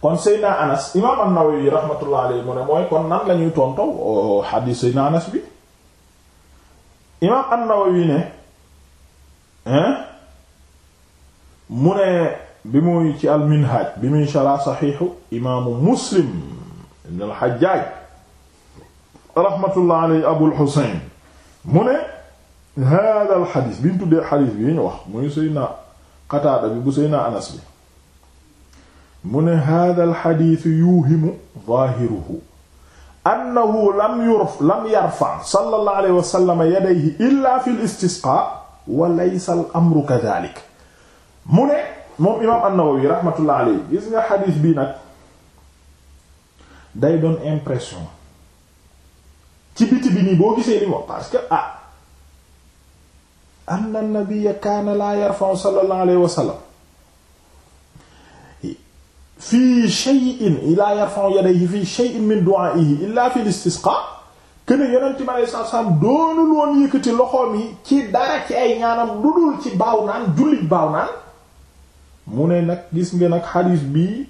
S1: kon Seydina Anas imaam an-Nawawi rahmatullah alayhi mu ne mooy kon nan la ñuy tontoo xadiis euh, Seydina Anas bi imaam an-Nawawi ne mu ne bi muy ci alminhaj bi muy sharh saxiixu imaamu muslim ibn alxajjaaj rahmatullah aley abul xusayn mu ne hada alxadis bi ñu tuddee xadis bi ñu wax muy seyna qataada bi bu seyna anas bi mu ne hada alxadisu yuuhimu zaahiruhu annahu lam yurf lam yarfa sallallahu alayhi wa sallam yadayhi illa fi l istisqa wa laysa al amru kadalik mu ne moom imaam an-Nawawi rahmatullah gis nga xadiis bii nag day doon impression ci biti bi nii boo gisee li parce que ah anna nabiyya kaana laa yarfa'u sallallahu alayhi wa sallam fii shay'in laa yarfa'u yadayhi fii shay'in min du'a'ihi illa fil istisqa kene yonent bi alei satu salaam doonul woon yëkkati yi ci dara ci ay ñaanam lu dul ci baaw naan jullit baaw naan mu ne nag gis nga nag xadiis bii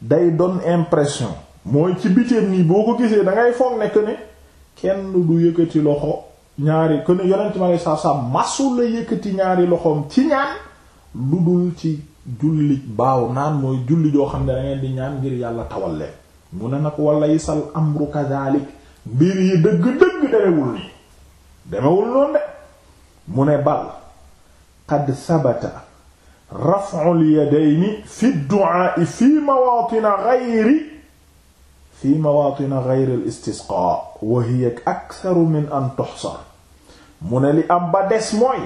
S1: day donne impression mooy ci bitéem nii boo ko gisee da ngay foog ne que ne kenn du yëkkati loxo ñaari que ne yonent ma lay saaf saaf masu la yëkkati ñaari loxoom ci ñaan lu dul ci julli baaw naan mooy julli joo xam ne da di ñaan ngir yàlla tawal leen mu ne nag wala yisal amru kazalik mbir yi dëgg-dëgg demewul nii demewul noonu de mu ne bal qad sabata raf'ul yadayni fi du'aa'i fi mawaatina ghayri fi mawaatina ghayri al-istisqaa wa hiya aktharu min an tuhsar mu ne li am ba des mooy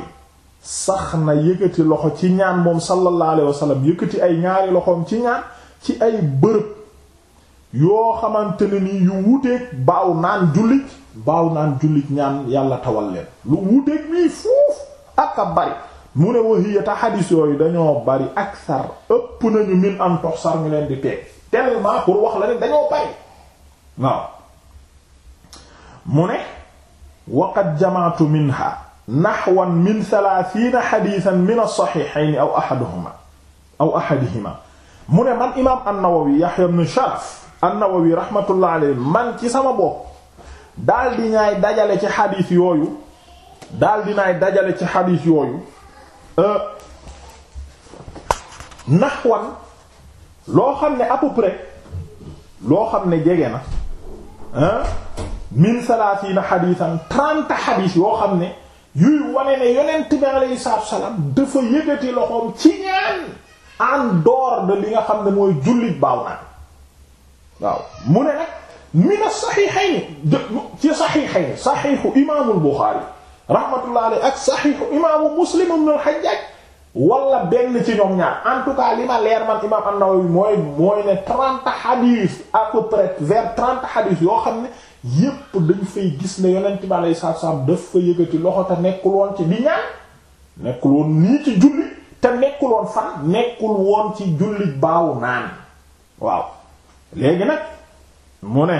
S1: sax na yëkkati loxo ci ñaan moom sallallahu alayhi wa sallam yëkkati ay ñaari loxoom ci ñaan ci ay bërëb yoo xamante ne ni yu wuteeg baaw naan jullit baaw naan jullit ñaan yàlla tawal leen lu wuteeg nii fuuf ak a bari mu ne wahiya ta yooyu dañoo bari aksar ëpp nañu min am tox sar ñu leen di teg tellement pour wax la ne dañoo bari waaw mu ne waqad jamaatu minha naxwan min thalaathiina xadiisan min as-saxiixayni aw axaduhuma aw axadihima mu ne man imaam an-Nawawi Yaxya ibn Sharaf an-Nawawi raxmatullahi man ci sama bopp dal di ñaay dajale ci xadiis yooyu daal di dajale ci xadiis yooyu Euh, naxwan loo xam ne à peu loo xam ne jege na ah min salaatiina xadiisan trente xadiis yoo xam ne yuy wane ne yonent bi alayhi salaatu dafa yëgati loxoom ci ñaan en dehors de li nga xam ne mooy jullit baaw naan waaw mu ne nag mina saxiixayni ci saxiixayni saxiixu imaamul Buxaari rahmatullah alayhi ak saxiixu imaamu muslim ibn al-Hajjaj wala benn ci ñoom ñaar en tout cas li ma leer man imaam an-Nawawi mooy mooy ne trente hadith à peu près vers trente yoo xam ne yépp dañ fay gis ne yonent bi alayhi salaatu salaam daf fa yëkkati loxo te nekkul woon ci bi ñaan nekkul woon nii ci julli te nekkul woon fan nekkul woon ci julli baaw naan waaw léegi nag mu ne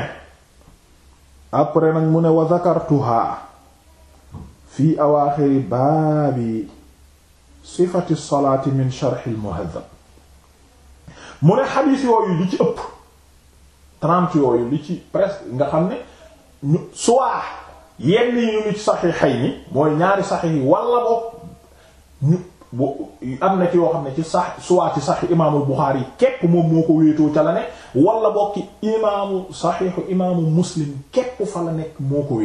S1: après nag mu ne wa zakartuha fi awaaxiri baabi sifati salaati min sharh al muhaddab mu ne xadiis yooyu li ci ëpp trente yooyu li ci presque nga xam ne ñu suwaa yenn yi ñu ci saxiixay mooy ñaari saxiix yi wala am na ci yoo xam ne ci sax suwaa ci saxiix imaamul Buxaari yi képp moom moo ko wéetoo ca la ne wala bokki imaamu saxiixu muslim képp fa la nekk moo ko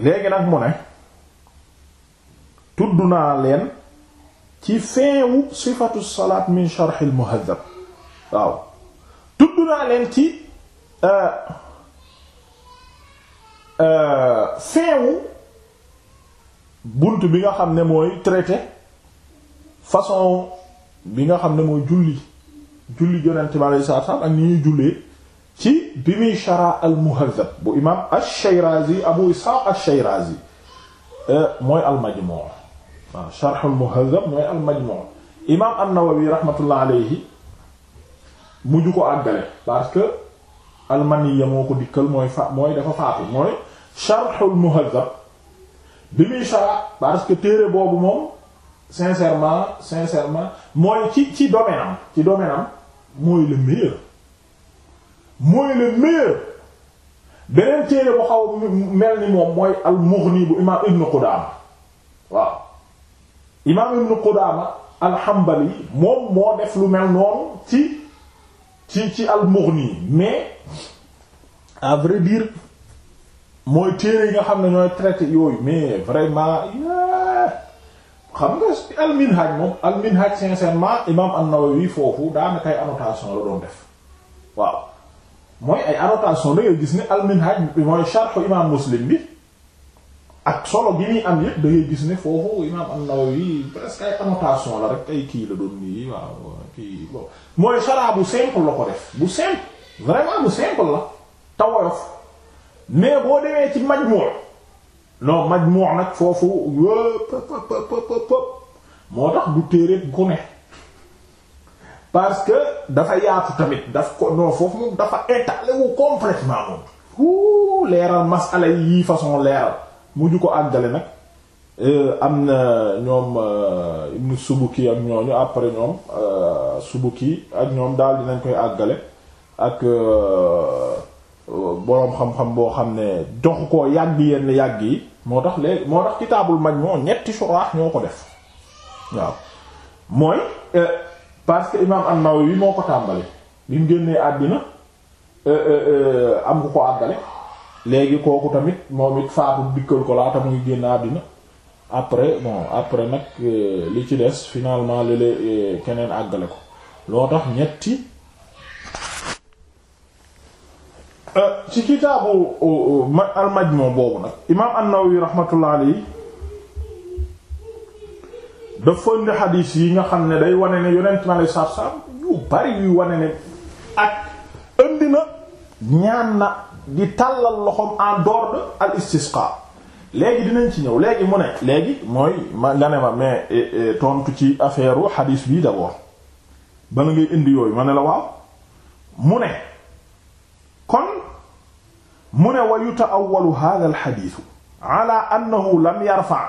S1: léegi nag mu ne tudd naa leen ci feewu sifatu salaat min sharh al muhaddab waaw tudd naa leen ci euh, euh, feewu bunt bi nga xam ne mooy traité façon bi nga xam ne mooy julli julli yonent bi alayhi salaatu salaam ak ni ñuy jullee ci bi muy shara al muhazzab bu imaam ash-Shirazi abu Ishaq ash-Shirazi euh, mooy al majmu' waaw sharh al muhazzab mooy al majmu' imaam an-Nawawi rahmatullah alayhi mujj ko àggale parce que al maniyya moo ko dikkal mooy fa mooy dafa faatu mooy sharh al muhazzab bi muy shara parce que téere boobu moom sincèrement sincèrement mooy ci ci domaine ci domaine mooy le meilleur. mooy le meilleur beneen téere bu xaw mel ni moom mooy al-Mughni bu imaam Ibn Qudaama waaw imaam Ibn Qudaama al moom moo def lu mel noonu ci ci ci al-Mughni mais à vrai dire mooy téere yi nga xam ne ñooy traité yooyu mais vraiment xam nga al-Minhaj moom al-Minhaj sincèrement imaam an-Nawawi foofu daanakay annotation la doon def waaw. mooy ay annotation da ngay gis ne alminhaj mooy sharxu imam muslim bi ak solo bi ñuy am yépp da ngay gis ni foofu imam an-Nawawi presque ay annotation la rek ay kii la doon nii waaw kii bon mooy sharah bu simple la ko def bu simple vraiment bu simple la te mais boo demee ci majmu' non majmu' nag foofu wëpp pëpp moo tax du téereet ku parce que dafa yaatu tamit daf ko non foofu moom dafa étalé wu complètement moom leeral masala yi façon leeral mujj ko àggale nag euh, am na ñoom euh, ibn Subuki ak ñooñu après ñoom euh, Subuki ak ñoom daal dinañ koy àggale ak boroom xam-xam boo xam ne joxu ko yàgg yenn yàgg yi moo tax léegi moo tax kitaabul moom ñetti suraax ñoo ko def waaw mooy parce que imaam an-Nawawi moo ko tàmbali bi mu génnee àddina euh, euh, euh, am ku ko àggale léegi kooku tamit moom it faatu dikkal ko laata muy génn àddina après bon après nag li ci des finalement lële keneen àggale ko loo tax ñetti ci kitaabu al-Majmu boobu nag imaam an-Nawawi rahmatullah dafa indi xadiis yi nga xam ne day wane ne yonent na lay sarsam yu bari yuy wane ne ak indi na ñaan na di tàllal loxoom en dehors de al istisqa léegi dinañ ci ñëw léegi mu ne léegi mooy ma nga ne ma mais eh, eh, tontu ci affaire u xadiis bii d'abord bala ngay indi yooyu ma ne la waaw mu ne kon mu ne wa yuta'awwalu hadha al hadith ala annahu lam yarfa'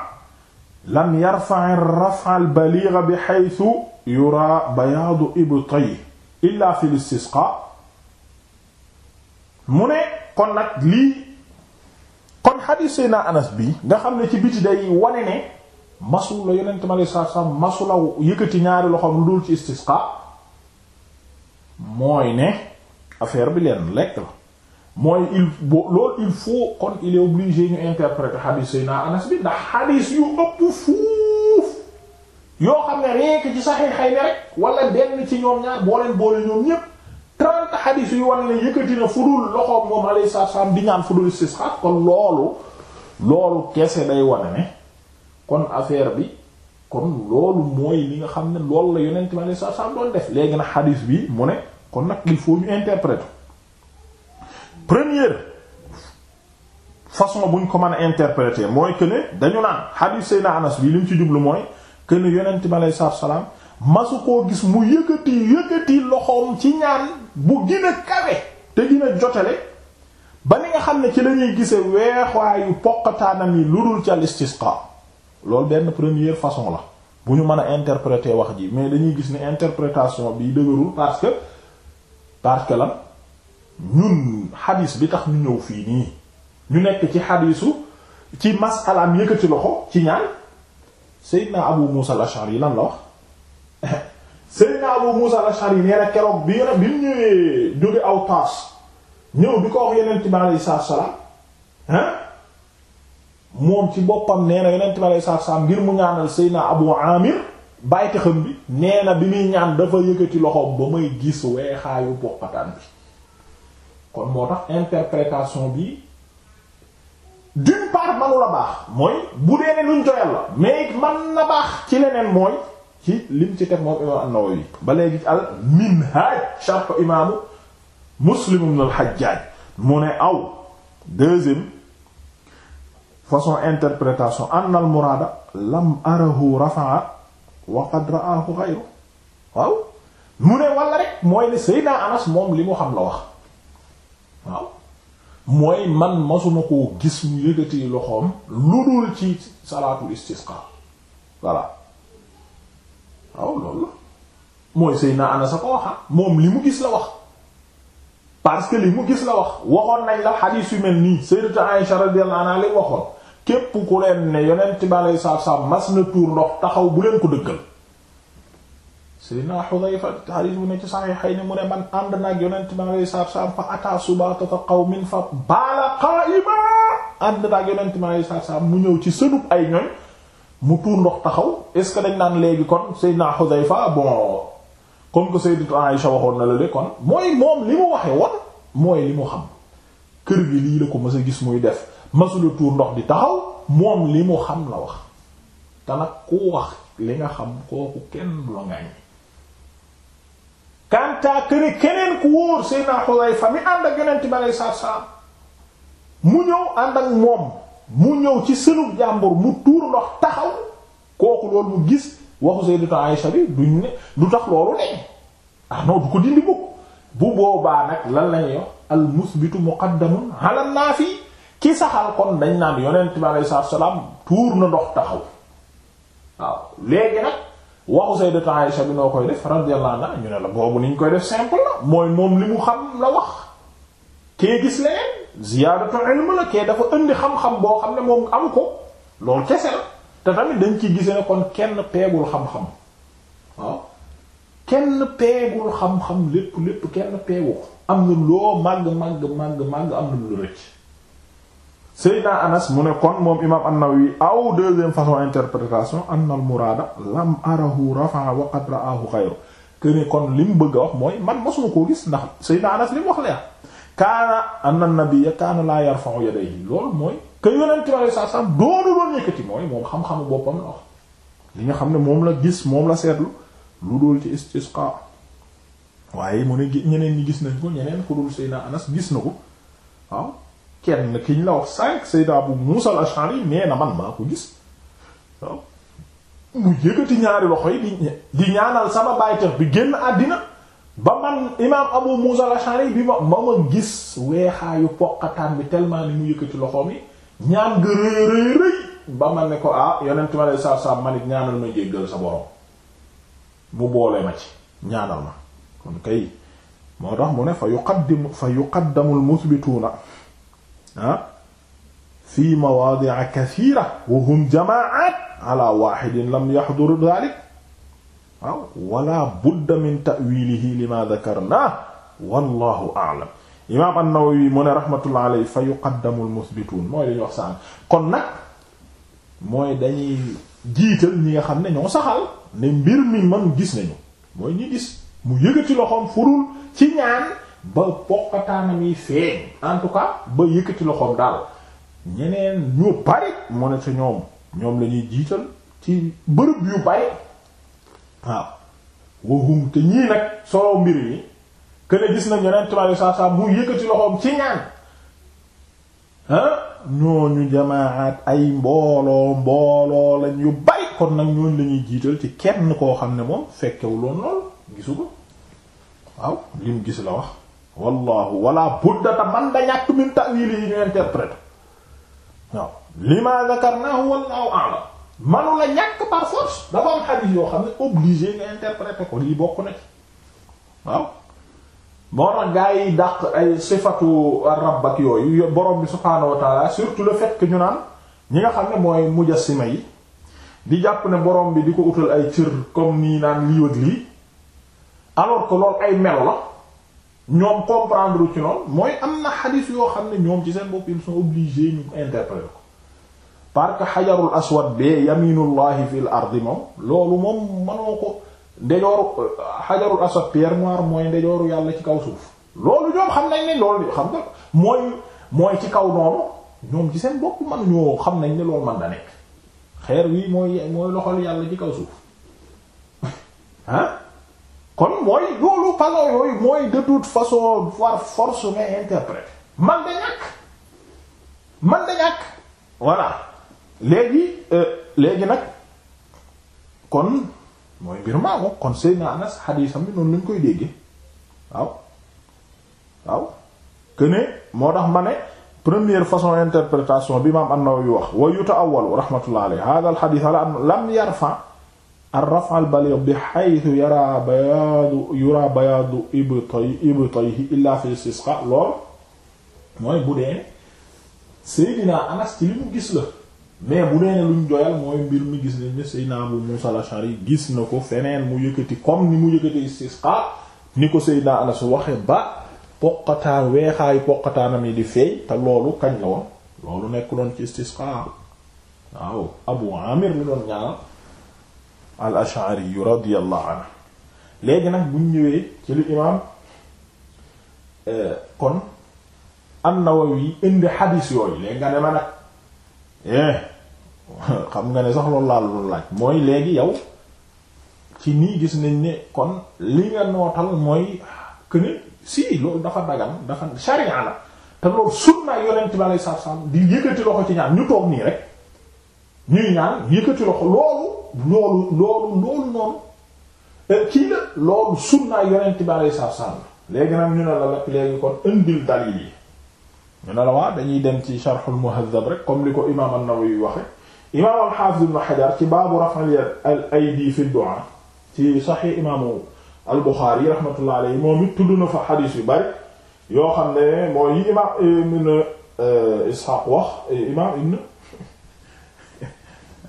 S1: lam yarfa'i ar-raf'a al-baligha bi haythu yura bayaadu ibtayhi illa fi al-istisqa mu ne kon nag lii kon xadiis Seydina Anas bi nga xam ne ci biti day wane ne masul la yonent mi alayhi salaatu salaam masula yëkkati ñaari loxo mu dul ci istisqa mooy ne affaire bi leen lekk mooy il bo loolu il faut kon il est obligé ñu interpréter xadiis Seydina Anas bi ndax xadiis yu ëpp fuuf yoo xam ne rekk ci saxiixay ne rek wala benn ci ñoom ñaar boo leen boole ñoom ñépp trente xadiis yu yëkkati na fudul loxoom moom alayhi salaam di ñaan fudul istisxaar kon loolu loolu kese day wane ne kon affaire bi kon loolu mooy li nga xam ne loolu la yonent bi alayhi salaam doon def léegi nag xadiis bi mu ne kon nag il faut ñu interpréter. première façon buñ ko mën a interpreté mooy que ne dañu naan hadith Seydina Anas bi li ci jublu mooy que ne yonent bi aleyhi salaatu salaam masu koo gis mu yëkkati yëkkati loxoom ci ñaan bu gën kawe te gën jotale ba ni nga xam ne ci lañuy ñuy gisee weexwaayu poqataanam yi lu dul ci al istisqa loolu benn première façon la bu ñu mën a interpréter wax ji mais dañuy gis ni interpretation bi dëgërul parce que parce que lan. ñun xadiis bi tax ñu ñëw fii nii ñu nekk ci xadiisu ci masalaam yëkkati loxo ci ñaan Seydina Abu Musa al yi lan la wax Seydina Abu Musa al-Ash'ari nee na keroog bi yore bi mu ñëwee jóge aw taas ñëw bi ko wax Yonent bi alayhi salaam moom ci boppam nee na Yonent bi alayhi salaam ngir mu ñaanal Seydina Abu Amir bàyyi xam bi nee na bi muy ñaan dafa yëkkati loxo ba may gis weexaayu bokkataan bi. kon moo tax interprétation bi d'une part manu la baax mooy bu dee ne luñ joyal la mais man na baax ci leneen mooy ci lim ci teg moom imaam an-Nawawi ba léegi al minhaj sharh imaamu Muslim ibn al-Hajjaj mu ne aw deuxième façon interprétation anna al muraada lam arahu rafa'a wa qad ra'ahu waaw mu ne wala rek mooy ne Seydina Anas moom li mu xam la wax waaw mooy man masuma ko gis mu yëkkati loxoom lu dul ci salaatul istisqa voilà waaw loolu la mooy Seydina Anas a ko waxa moom li mu gis la wax parce que li mu gis la wax waxoon nañ la xadiis yu mel nii Sayyidatu Aïsha radiyallahu anha li waxoon képp ku leen ne yonent bi aleyhi salaatu mas na tuur ndox taxaw bu leen ko dëggal Seydina Xudayfa xadiis bu ne ci Saxiixayni mu ne man ànd naag yonent bi alayhi salaatu salaam fa ataa subaatata qawmin fa baala qaa'iman ànd naag yonent bi alayhi salaatu salaam mu ñëw ci sënub ay ñoñ mu tuur ndox taxaw est-ce que dañ naan léegi kon Seydina Xudayfa bon comme que Sayyidatu Aïsha waxoon na la de kon mooy moom li mu waxee woon mooy li mu xam kër gi lii la ko mas a gis muy def masula tuur ndox di taxaw moom li mu xam la wax te nag ku wax li nga xam kenn du kanta këne keneen ku wóor Seydina Xudayfa mi ànd ak yonent bi aleyhi salaatu salaam mu ñëw ànd ak moom mu ñëw ci sënub jàmbur mu tuur ndox taxaw kooku loolu mu gis waxu Sayyidatu Aisha bi duñ ne du tax loolu ne ah non du ko dindi mukk bu boobaa nag lan lañuy wax al musbitu muqaddamun ala naafi ki saxal kon dañ naan yonent bi aleyhi salaatu salaam tuur na ndox taxaw waaw léegi nag waxu sayyidatu Aisha bi noo koy def la anha ñu ne la boobu ñu koy def simple la mooy moom li mu xam la wax kee gis leen ziyaadatu ilm la kee dafa indi xam-xam boo xam ne moom am ko loolu kese la te tamit dañ ci gise ne kon kenn peegul xam-xam waaw kenn peegul xam-xam lépp lépp kenn peegu am na loo màgg màgg màgg màgg am na lu rëcc Seydina Anas mu ne kon moom imaam an-Nawawi aw deuxième façon interprétation anna muraada lam arahu rafa'a wa ra'ahu ghayru këne kon li bëgg a wax mooy man mosuma koo gis ndax Seydina Anas li mu wax leer kaana anna an kaana laa yarfa'u yadayhi loolu mooy que yonent bi sallallahu alayhi wasallam doonu doon yëkkati mooy moom xam-xamu boppam la wax li nga xam ne moom la gis moom la seetlu lu dool ci istisqa waaye mu ne ñeneen ñi gis nañ ko gis na ko kenn kiñ la wax cinq Seydina Abu Muusa al-Ash'ari nee na man maa ko gis waaw mu yëkkati ñaari loxo yi di ñaanal sama bàyyi bi génn àddina ba man imaam Abu Muusa al-Ash'ari bi ma ma ma gis weexaayu poqataan bi tellement yi mu yëkkati loxoom yi ñaan nga rëy ba man ne ko ah yonent ma lay saab saab man it ñaanal ma jéggal sa borom mu boole ma ci ñaanal ma kon kay moo tax mu ne fa yuqaddimu fa yuqaddamul musbituuna ah fi mawaadi'a kathira wa hum jamaa'at ala wahidin lam yahdur dhalik wala budda min ta'wilihi lima dhakarna wallahu a'lam imaam an mu ne rahmatullah alayhi fa yuqaddamu al mooy dañuy wax saan mooy dañuy jiital ñi nga xam ne ñoo saxal ne mbir mi man gis nañu mooy ñi gis mu yëgati loxoom furul ci ñaan ba poqataanam yi feeñ en tout cas ba yëkkati loxoom daal ñeneen ñu bari mu ne sa ñoom ñoom la jiital ci bërëb yu bari waaw wahum te ñii nag solo mbir yi kene gis nañ yeneen tubaab yi saa saa mu yëkkati loxoom ci ñaan ah ñooñu jamaat ay mbooloo mbooloo lañ yu bari kon nag ñooñu lañuy ñuy jiital ci kenn koo xam ne moom fekkewuloon lool gisu ko waaw lim gis la wax wallahu wala buddata man da ñàkk min ta'wil yi ñu interprète waaw lima zakarnahu wallahu a'lam manu la ñàkk par force dafa am xadiis yoo xam ne obligé nga interpréter ko lii bokk na ci waaw ay sifatu rabb ak yooyu borom bi subhaanahu surtout le fekk ñu naan ñi nga xam ne mooy mujassima yi di jàpp ne borom bi di ko utal ay cër comme nii naan lii ak lii alors que loolu ay melo la ñoom comprendre ci lool mooy am na xadis yoo xam ne ñoom ci seen bopp ils sont obligés ñu interpréter ko parce que xajarul aswad bee yaminullahi fil ardi moom loolu moom mënoo ko ndejooru xajarul euh, aswad pierre noire mooy ndejooru yàlla ci kaw suuf loolu ñoom xam nañ ne loolu xam nga mooy mooy ci kaw noonu ñoom ci seen bopp man ñoo xam nañ ne loolu man da nekk xeer wi mooy mooy loxol yàlla ci kaw suuf ah kon mooy loolu façon yooyu mooy de toute façon par force ngay interpréter man da ñàkk man da ñàkk voilà léegi euh, léegi nag kon mooy mbir maa ko kon Seydina Anas xadiisam bi noonu lañ koy déggee waaw waaw que moo tax ma ne première façon interprétation bi Imaam an yu wax wa yuta awwalu rahmatullah alayhi hadha al-hadith lam yarfa ar-raf' al-baligh bi haythu yara bayaadu yura bayaadu ibtay ibtayhi illa fi istisqa lool mooy bu dee Seydina Anas ci li mu gis la mais bu dee ne luñ doyal mooy mbir mi gis nañ ne Seydina Abu Musa al-Ash'ari gis na ko feneen mu yëkkati comme ni mu yëkkati istisqa ni ko Seydina Anas waxe ba poqataan weexaayu poqataanam yi di feeñ te loolu kañ la woon loolu nekk loon ci istisqa waaw Abu Amir li doon ñaanal al ashari radiyallahu anhu léegi nag buñ ñëwee ci li imaam eh, kon an-Nawawi indi xadiis yooyu léegi nga ne ma nag eh, xam nga ne sax loolu laa loolu laaj mooy léegi yow ci nii gis nañ ni kon li nga nootal mooy këne si loolu dafa dagan dafa sharia la te loolu sunna yonent bi alei satu salaam di yëkkati loxo ci ñaan ñu toog nii rek ñuy ñaan yëkkati loxo loolu loolu loolu loolu noonu euh, kii la loolu sunnaa yonent bi alei satu salaam léegi nag ñu ne la nag léegi kon indil dalil yi ñu ne la waa dañuy dem ci sharhul muhazzab rek comme li ko imaam an-Nawawi waxe imaam al-Hafiz ibn Hajar ci baabu raf'il aydi fi du'a ci sahih imaamu al-Bukhari rahmatullah alayhi moom it tudd na fa xadiis yu bari yoo xam ne mooy yi imaam ibn euh, Ishaq wax imaam ibn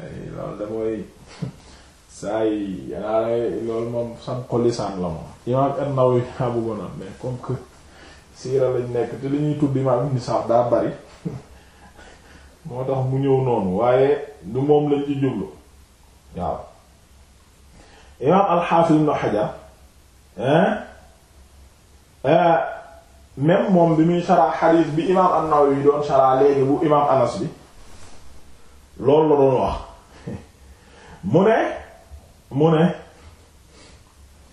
S1: Eh, loolu da mooy saa yi yaa loolu moom sam xolisaan la moom imaam an-Nawawi yaa bëggoon a mais comme que siira lañ nekk te li ñuy tudd imaam ibn Sa'd daa bari moo tax mu ñëw noonu waaye du moom lañ ci jublu waaw imaam al-Hafiz ibn Hajar eh, même moom bi muy saraa xadiis bi imaam an-Nawawi doon saraa léegi bu imaam Anas bi loolu la doon wax mu ne mu ne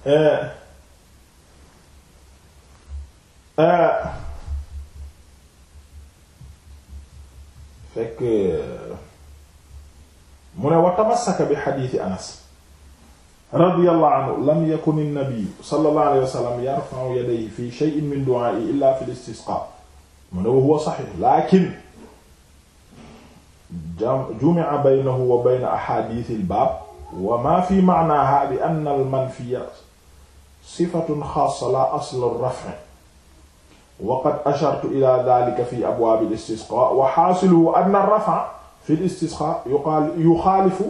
S1: eh, eh, fekk eh, mu ne wa tamassaka bi xadiisi anas radiyallahu anhu lam yakun an-nabi sallallahu alayhi wa sallam yarfa'u yadayhi fi shay'in min du'a'ihi illa fi al-istisqa mu ne wa huwa sahih lakin jumi'a baynahu wa bayna ahadith al-bab wa ma fi ma'naha bi anna al-manfiya sifatun xaassa la asla ar-raf' wa qad ashartu ila dhalika fi abwab al-istisqa wa hasiluhu anna ar-raf' fi al-istisqa yukhalifu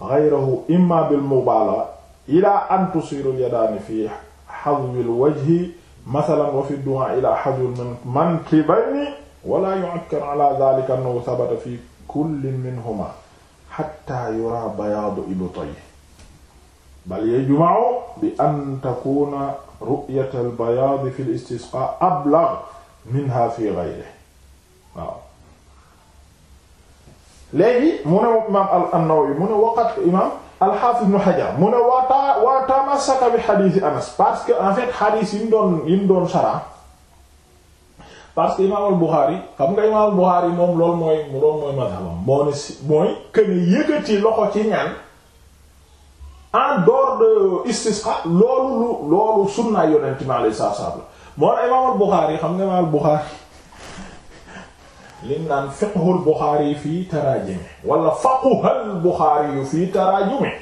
S1: ghayrahu imma bil-mubalagha ila an tusiru al-yadani fi hadwi al-wajhi mathalan wa fi ad-du'a ila hadwi al-mankibayni wa la yu'akkar ala dhalika annahu thabata fi kullin minhuma xatta yura bayaadu ibtayhi bal yajma'u bi an takuna ru'yat al bayaad fi al istisqa ablagh minha fi ghayrihi waaw léegi mu ne imaam an-Nawawi mu ne waqat imaam al-Hafiz Ibn Hajar mu ne wa tamassaka bi xadiisi Anas parce que en fait xadiis yi mu doon yi mu doon sara parce que imaamul Buxaari xam nga moom loolu mooy mooy mazhabam moo ne si mooy que ne yëkkati loxo ci ñaan en dehors de istisqa loolu lu loolu sunna yonent mi alayhi salaatu salaam la moo ne imaamul Buxaari xam nga imaamul Buxaari liñ naan fiqhul Buxaari fii taraajime wala faqhul Buxaari yu fii taraajime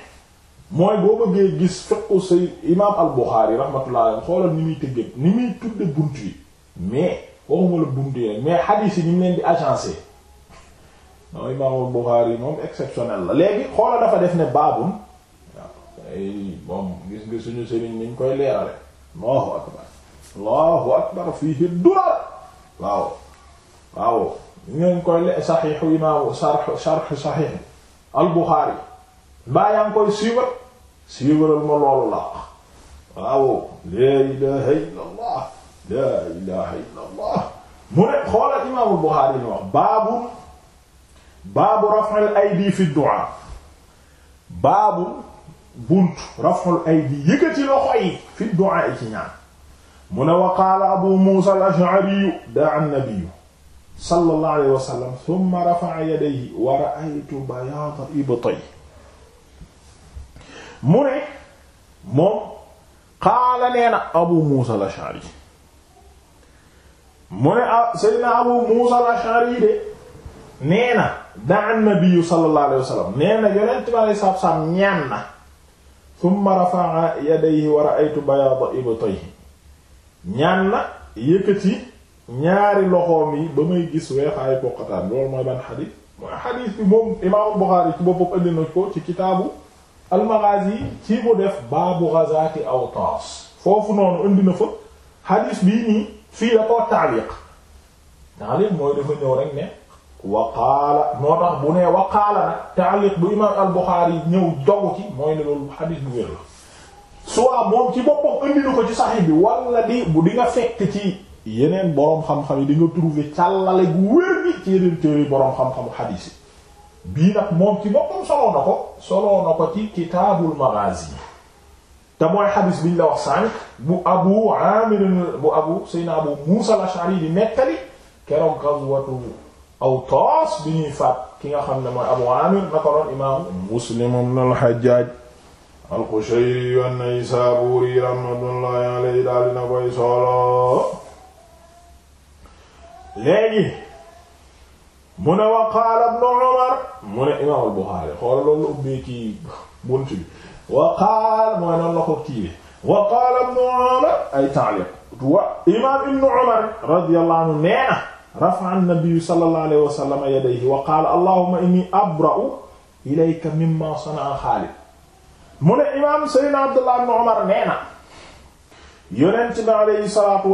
S1: mooy boo bëggee gis fiqhu say imaam al Buxaari rahmatullah xoolal ni muy tëggee ni muy tudde bunt yi mais. waxuma la bunt yooyu mais xadiis yi ñu leen di agencé non imaamul moom exceptionnel la léegi xoola dafa def ne baabun waaw ay moom gis nga suñu sëriñ niñ koy leerale Allahu akbar Allahu akbar fiihi durar waaw waaw ngeen koy saxiixu imaamu sarx sarx al Buxaari mbaa yaa ngi koy siiwal ma loolu la waaw la ilaha illallah laa ilaha illa allah mu ne xoolal imaamul Buxaari ñu wax baabu baabu raf'al aydi fi du'a baabu bunt raf'al aydi yëkkati loxo yi fi du'a ci ñaan mu ne wa qaala abu muusa al-ash'ari daa an-nabi sallallahu alayhi wa sallam thumma rafa'a yadayhi wa ra'aytu bayaada ibtayhi mu ne moom qaala nee na abu muusa al-ash'ari mu ne ah Seydina Abu Muusa al-Ash'ari de nee na daa nabi sallallahu alayhi wa sallam nee na yonent bi alayhi salaatu salaam ñaan na thumma rafa'a yadayhi wa ra'aytu bayaada ibtayhi ñaan na yëkkati ñaari loxoom yi ba may gis weexaayu poqataan loolu mooy ban xadiis mooy xadiis bi moom Imaam Buxaari ci boppam indi na ko ci kitaabu al-Maghaazi ci bu def baabu ghazaati Awtaas foofu noonu indi na fa xadiis bii nii. fii da koo taaliq taaliq mooy dafa ñëw rek ne waqaala moo tax bu nee waqaala nag taaliq bu imaam al-Bukhari ñëw ci mooy ne loolu xadiis bu wér la soit moom ci boppam indi na ko ci saxiix bi wala di bu di fekk ci yeneen boroom xam-xam yi di trouver càllale gu wér gi ci yeneen boroom xam-xamu xadiis moom ci boppam soloo na ko soloo na ko ci kitaabul maghazi te mooy xadis wax sànq bu abu amir abu musa al-ash'ari di nettali keroog Awtaas bi ñuy faat ki nga xam ne mooy abu amir naka noon imaamu muslim ibn al al-qushayri an-naysaburi rahmatullahi alayhi daal dina koy solo léegi mu ne wa qaala ibn umar mu ne al-buxaari xoolal loolu ubbee kii wa qaala mooy noonu la ko kiiwe wa qaala ibnu umar ay taaliq wa imaam ibnu umar radiyallahu anhu nee na rafa'a an-nabiyyu inni abra'u ilayka mimma sana'a xaalid mu ne imaam sayyidina abdullah ibnu umar nee na yonent bi alayhi salaatu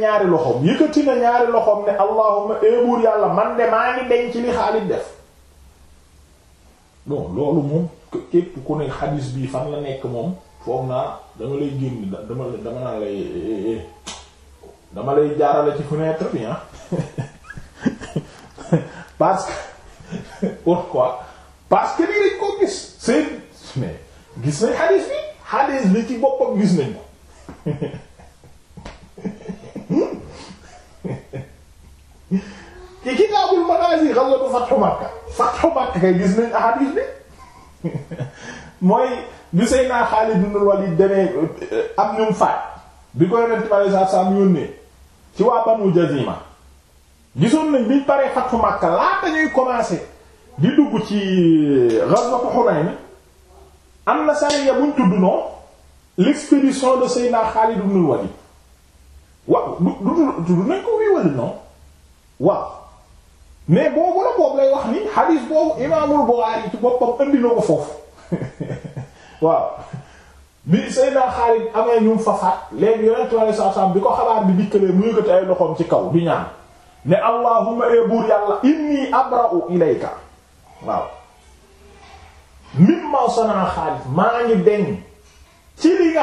S1: ñaari loxoom yëkkati na ñaari loxoom ne allahumma ee eh, buur yàlla man de maa ngi li xaalid def bon loolu moom képp ku ne xadis bi fan la nekk moom foog naa dama lay génn dama dama naa lay dama lay jaarale ci fenêtre bi ah parce que pourquoi parce que nii ko gis c'est gis nañ xadis bi xadis bi ci boppam gis nañ ko ci kitaabul maghazi xam nga du makka fathu makka kay gis nañ ahadis bi mooy bi Seydina Xaalid ibn Walid demee am ñum faat bi ko yonent bi alayhi salaam yónnee ci waa Banu Jazima gisoon nañ biñ paree fathu makka laata ñuy commencer di dugg ci ghazwatu Hunayn am na sariya buñ tudd noonu l'expédition de Seydina Xaalid ibn Walid waaw du du tudd nañ ko wii walla non waaw mais boobu la boobu lay wax ni xadiis boobu imaamul Buxaari ci boppam indi na ko foofu waaw bi Seydina Xaalid amee ñu fa faat léegi yonent bi bi ko xabaar bi dikkalee mu yëkkati ay loxoom ci kaw di ñaan ne allahumma ee buur yàlla inni abra'u ilayka waaw mimma sanaa Xaalid maa ngi deñ ci li nga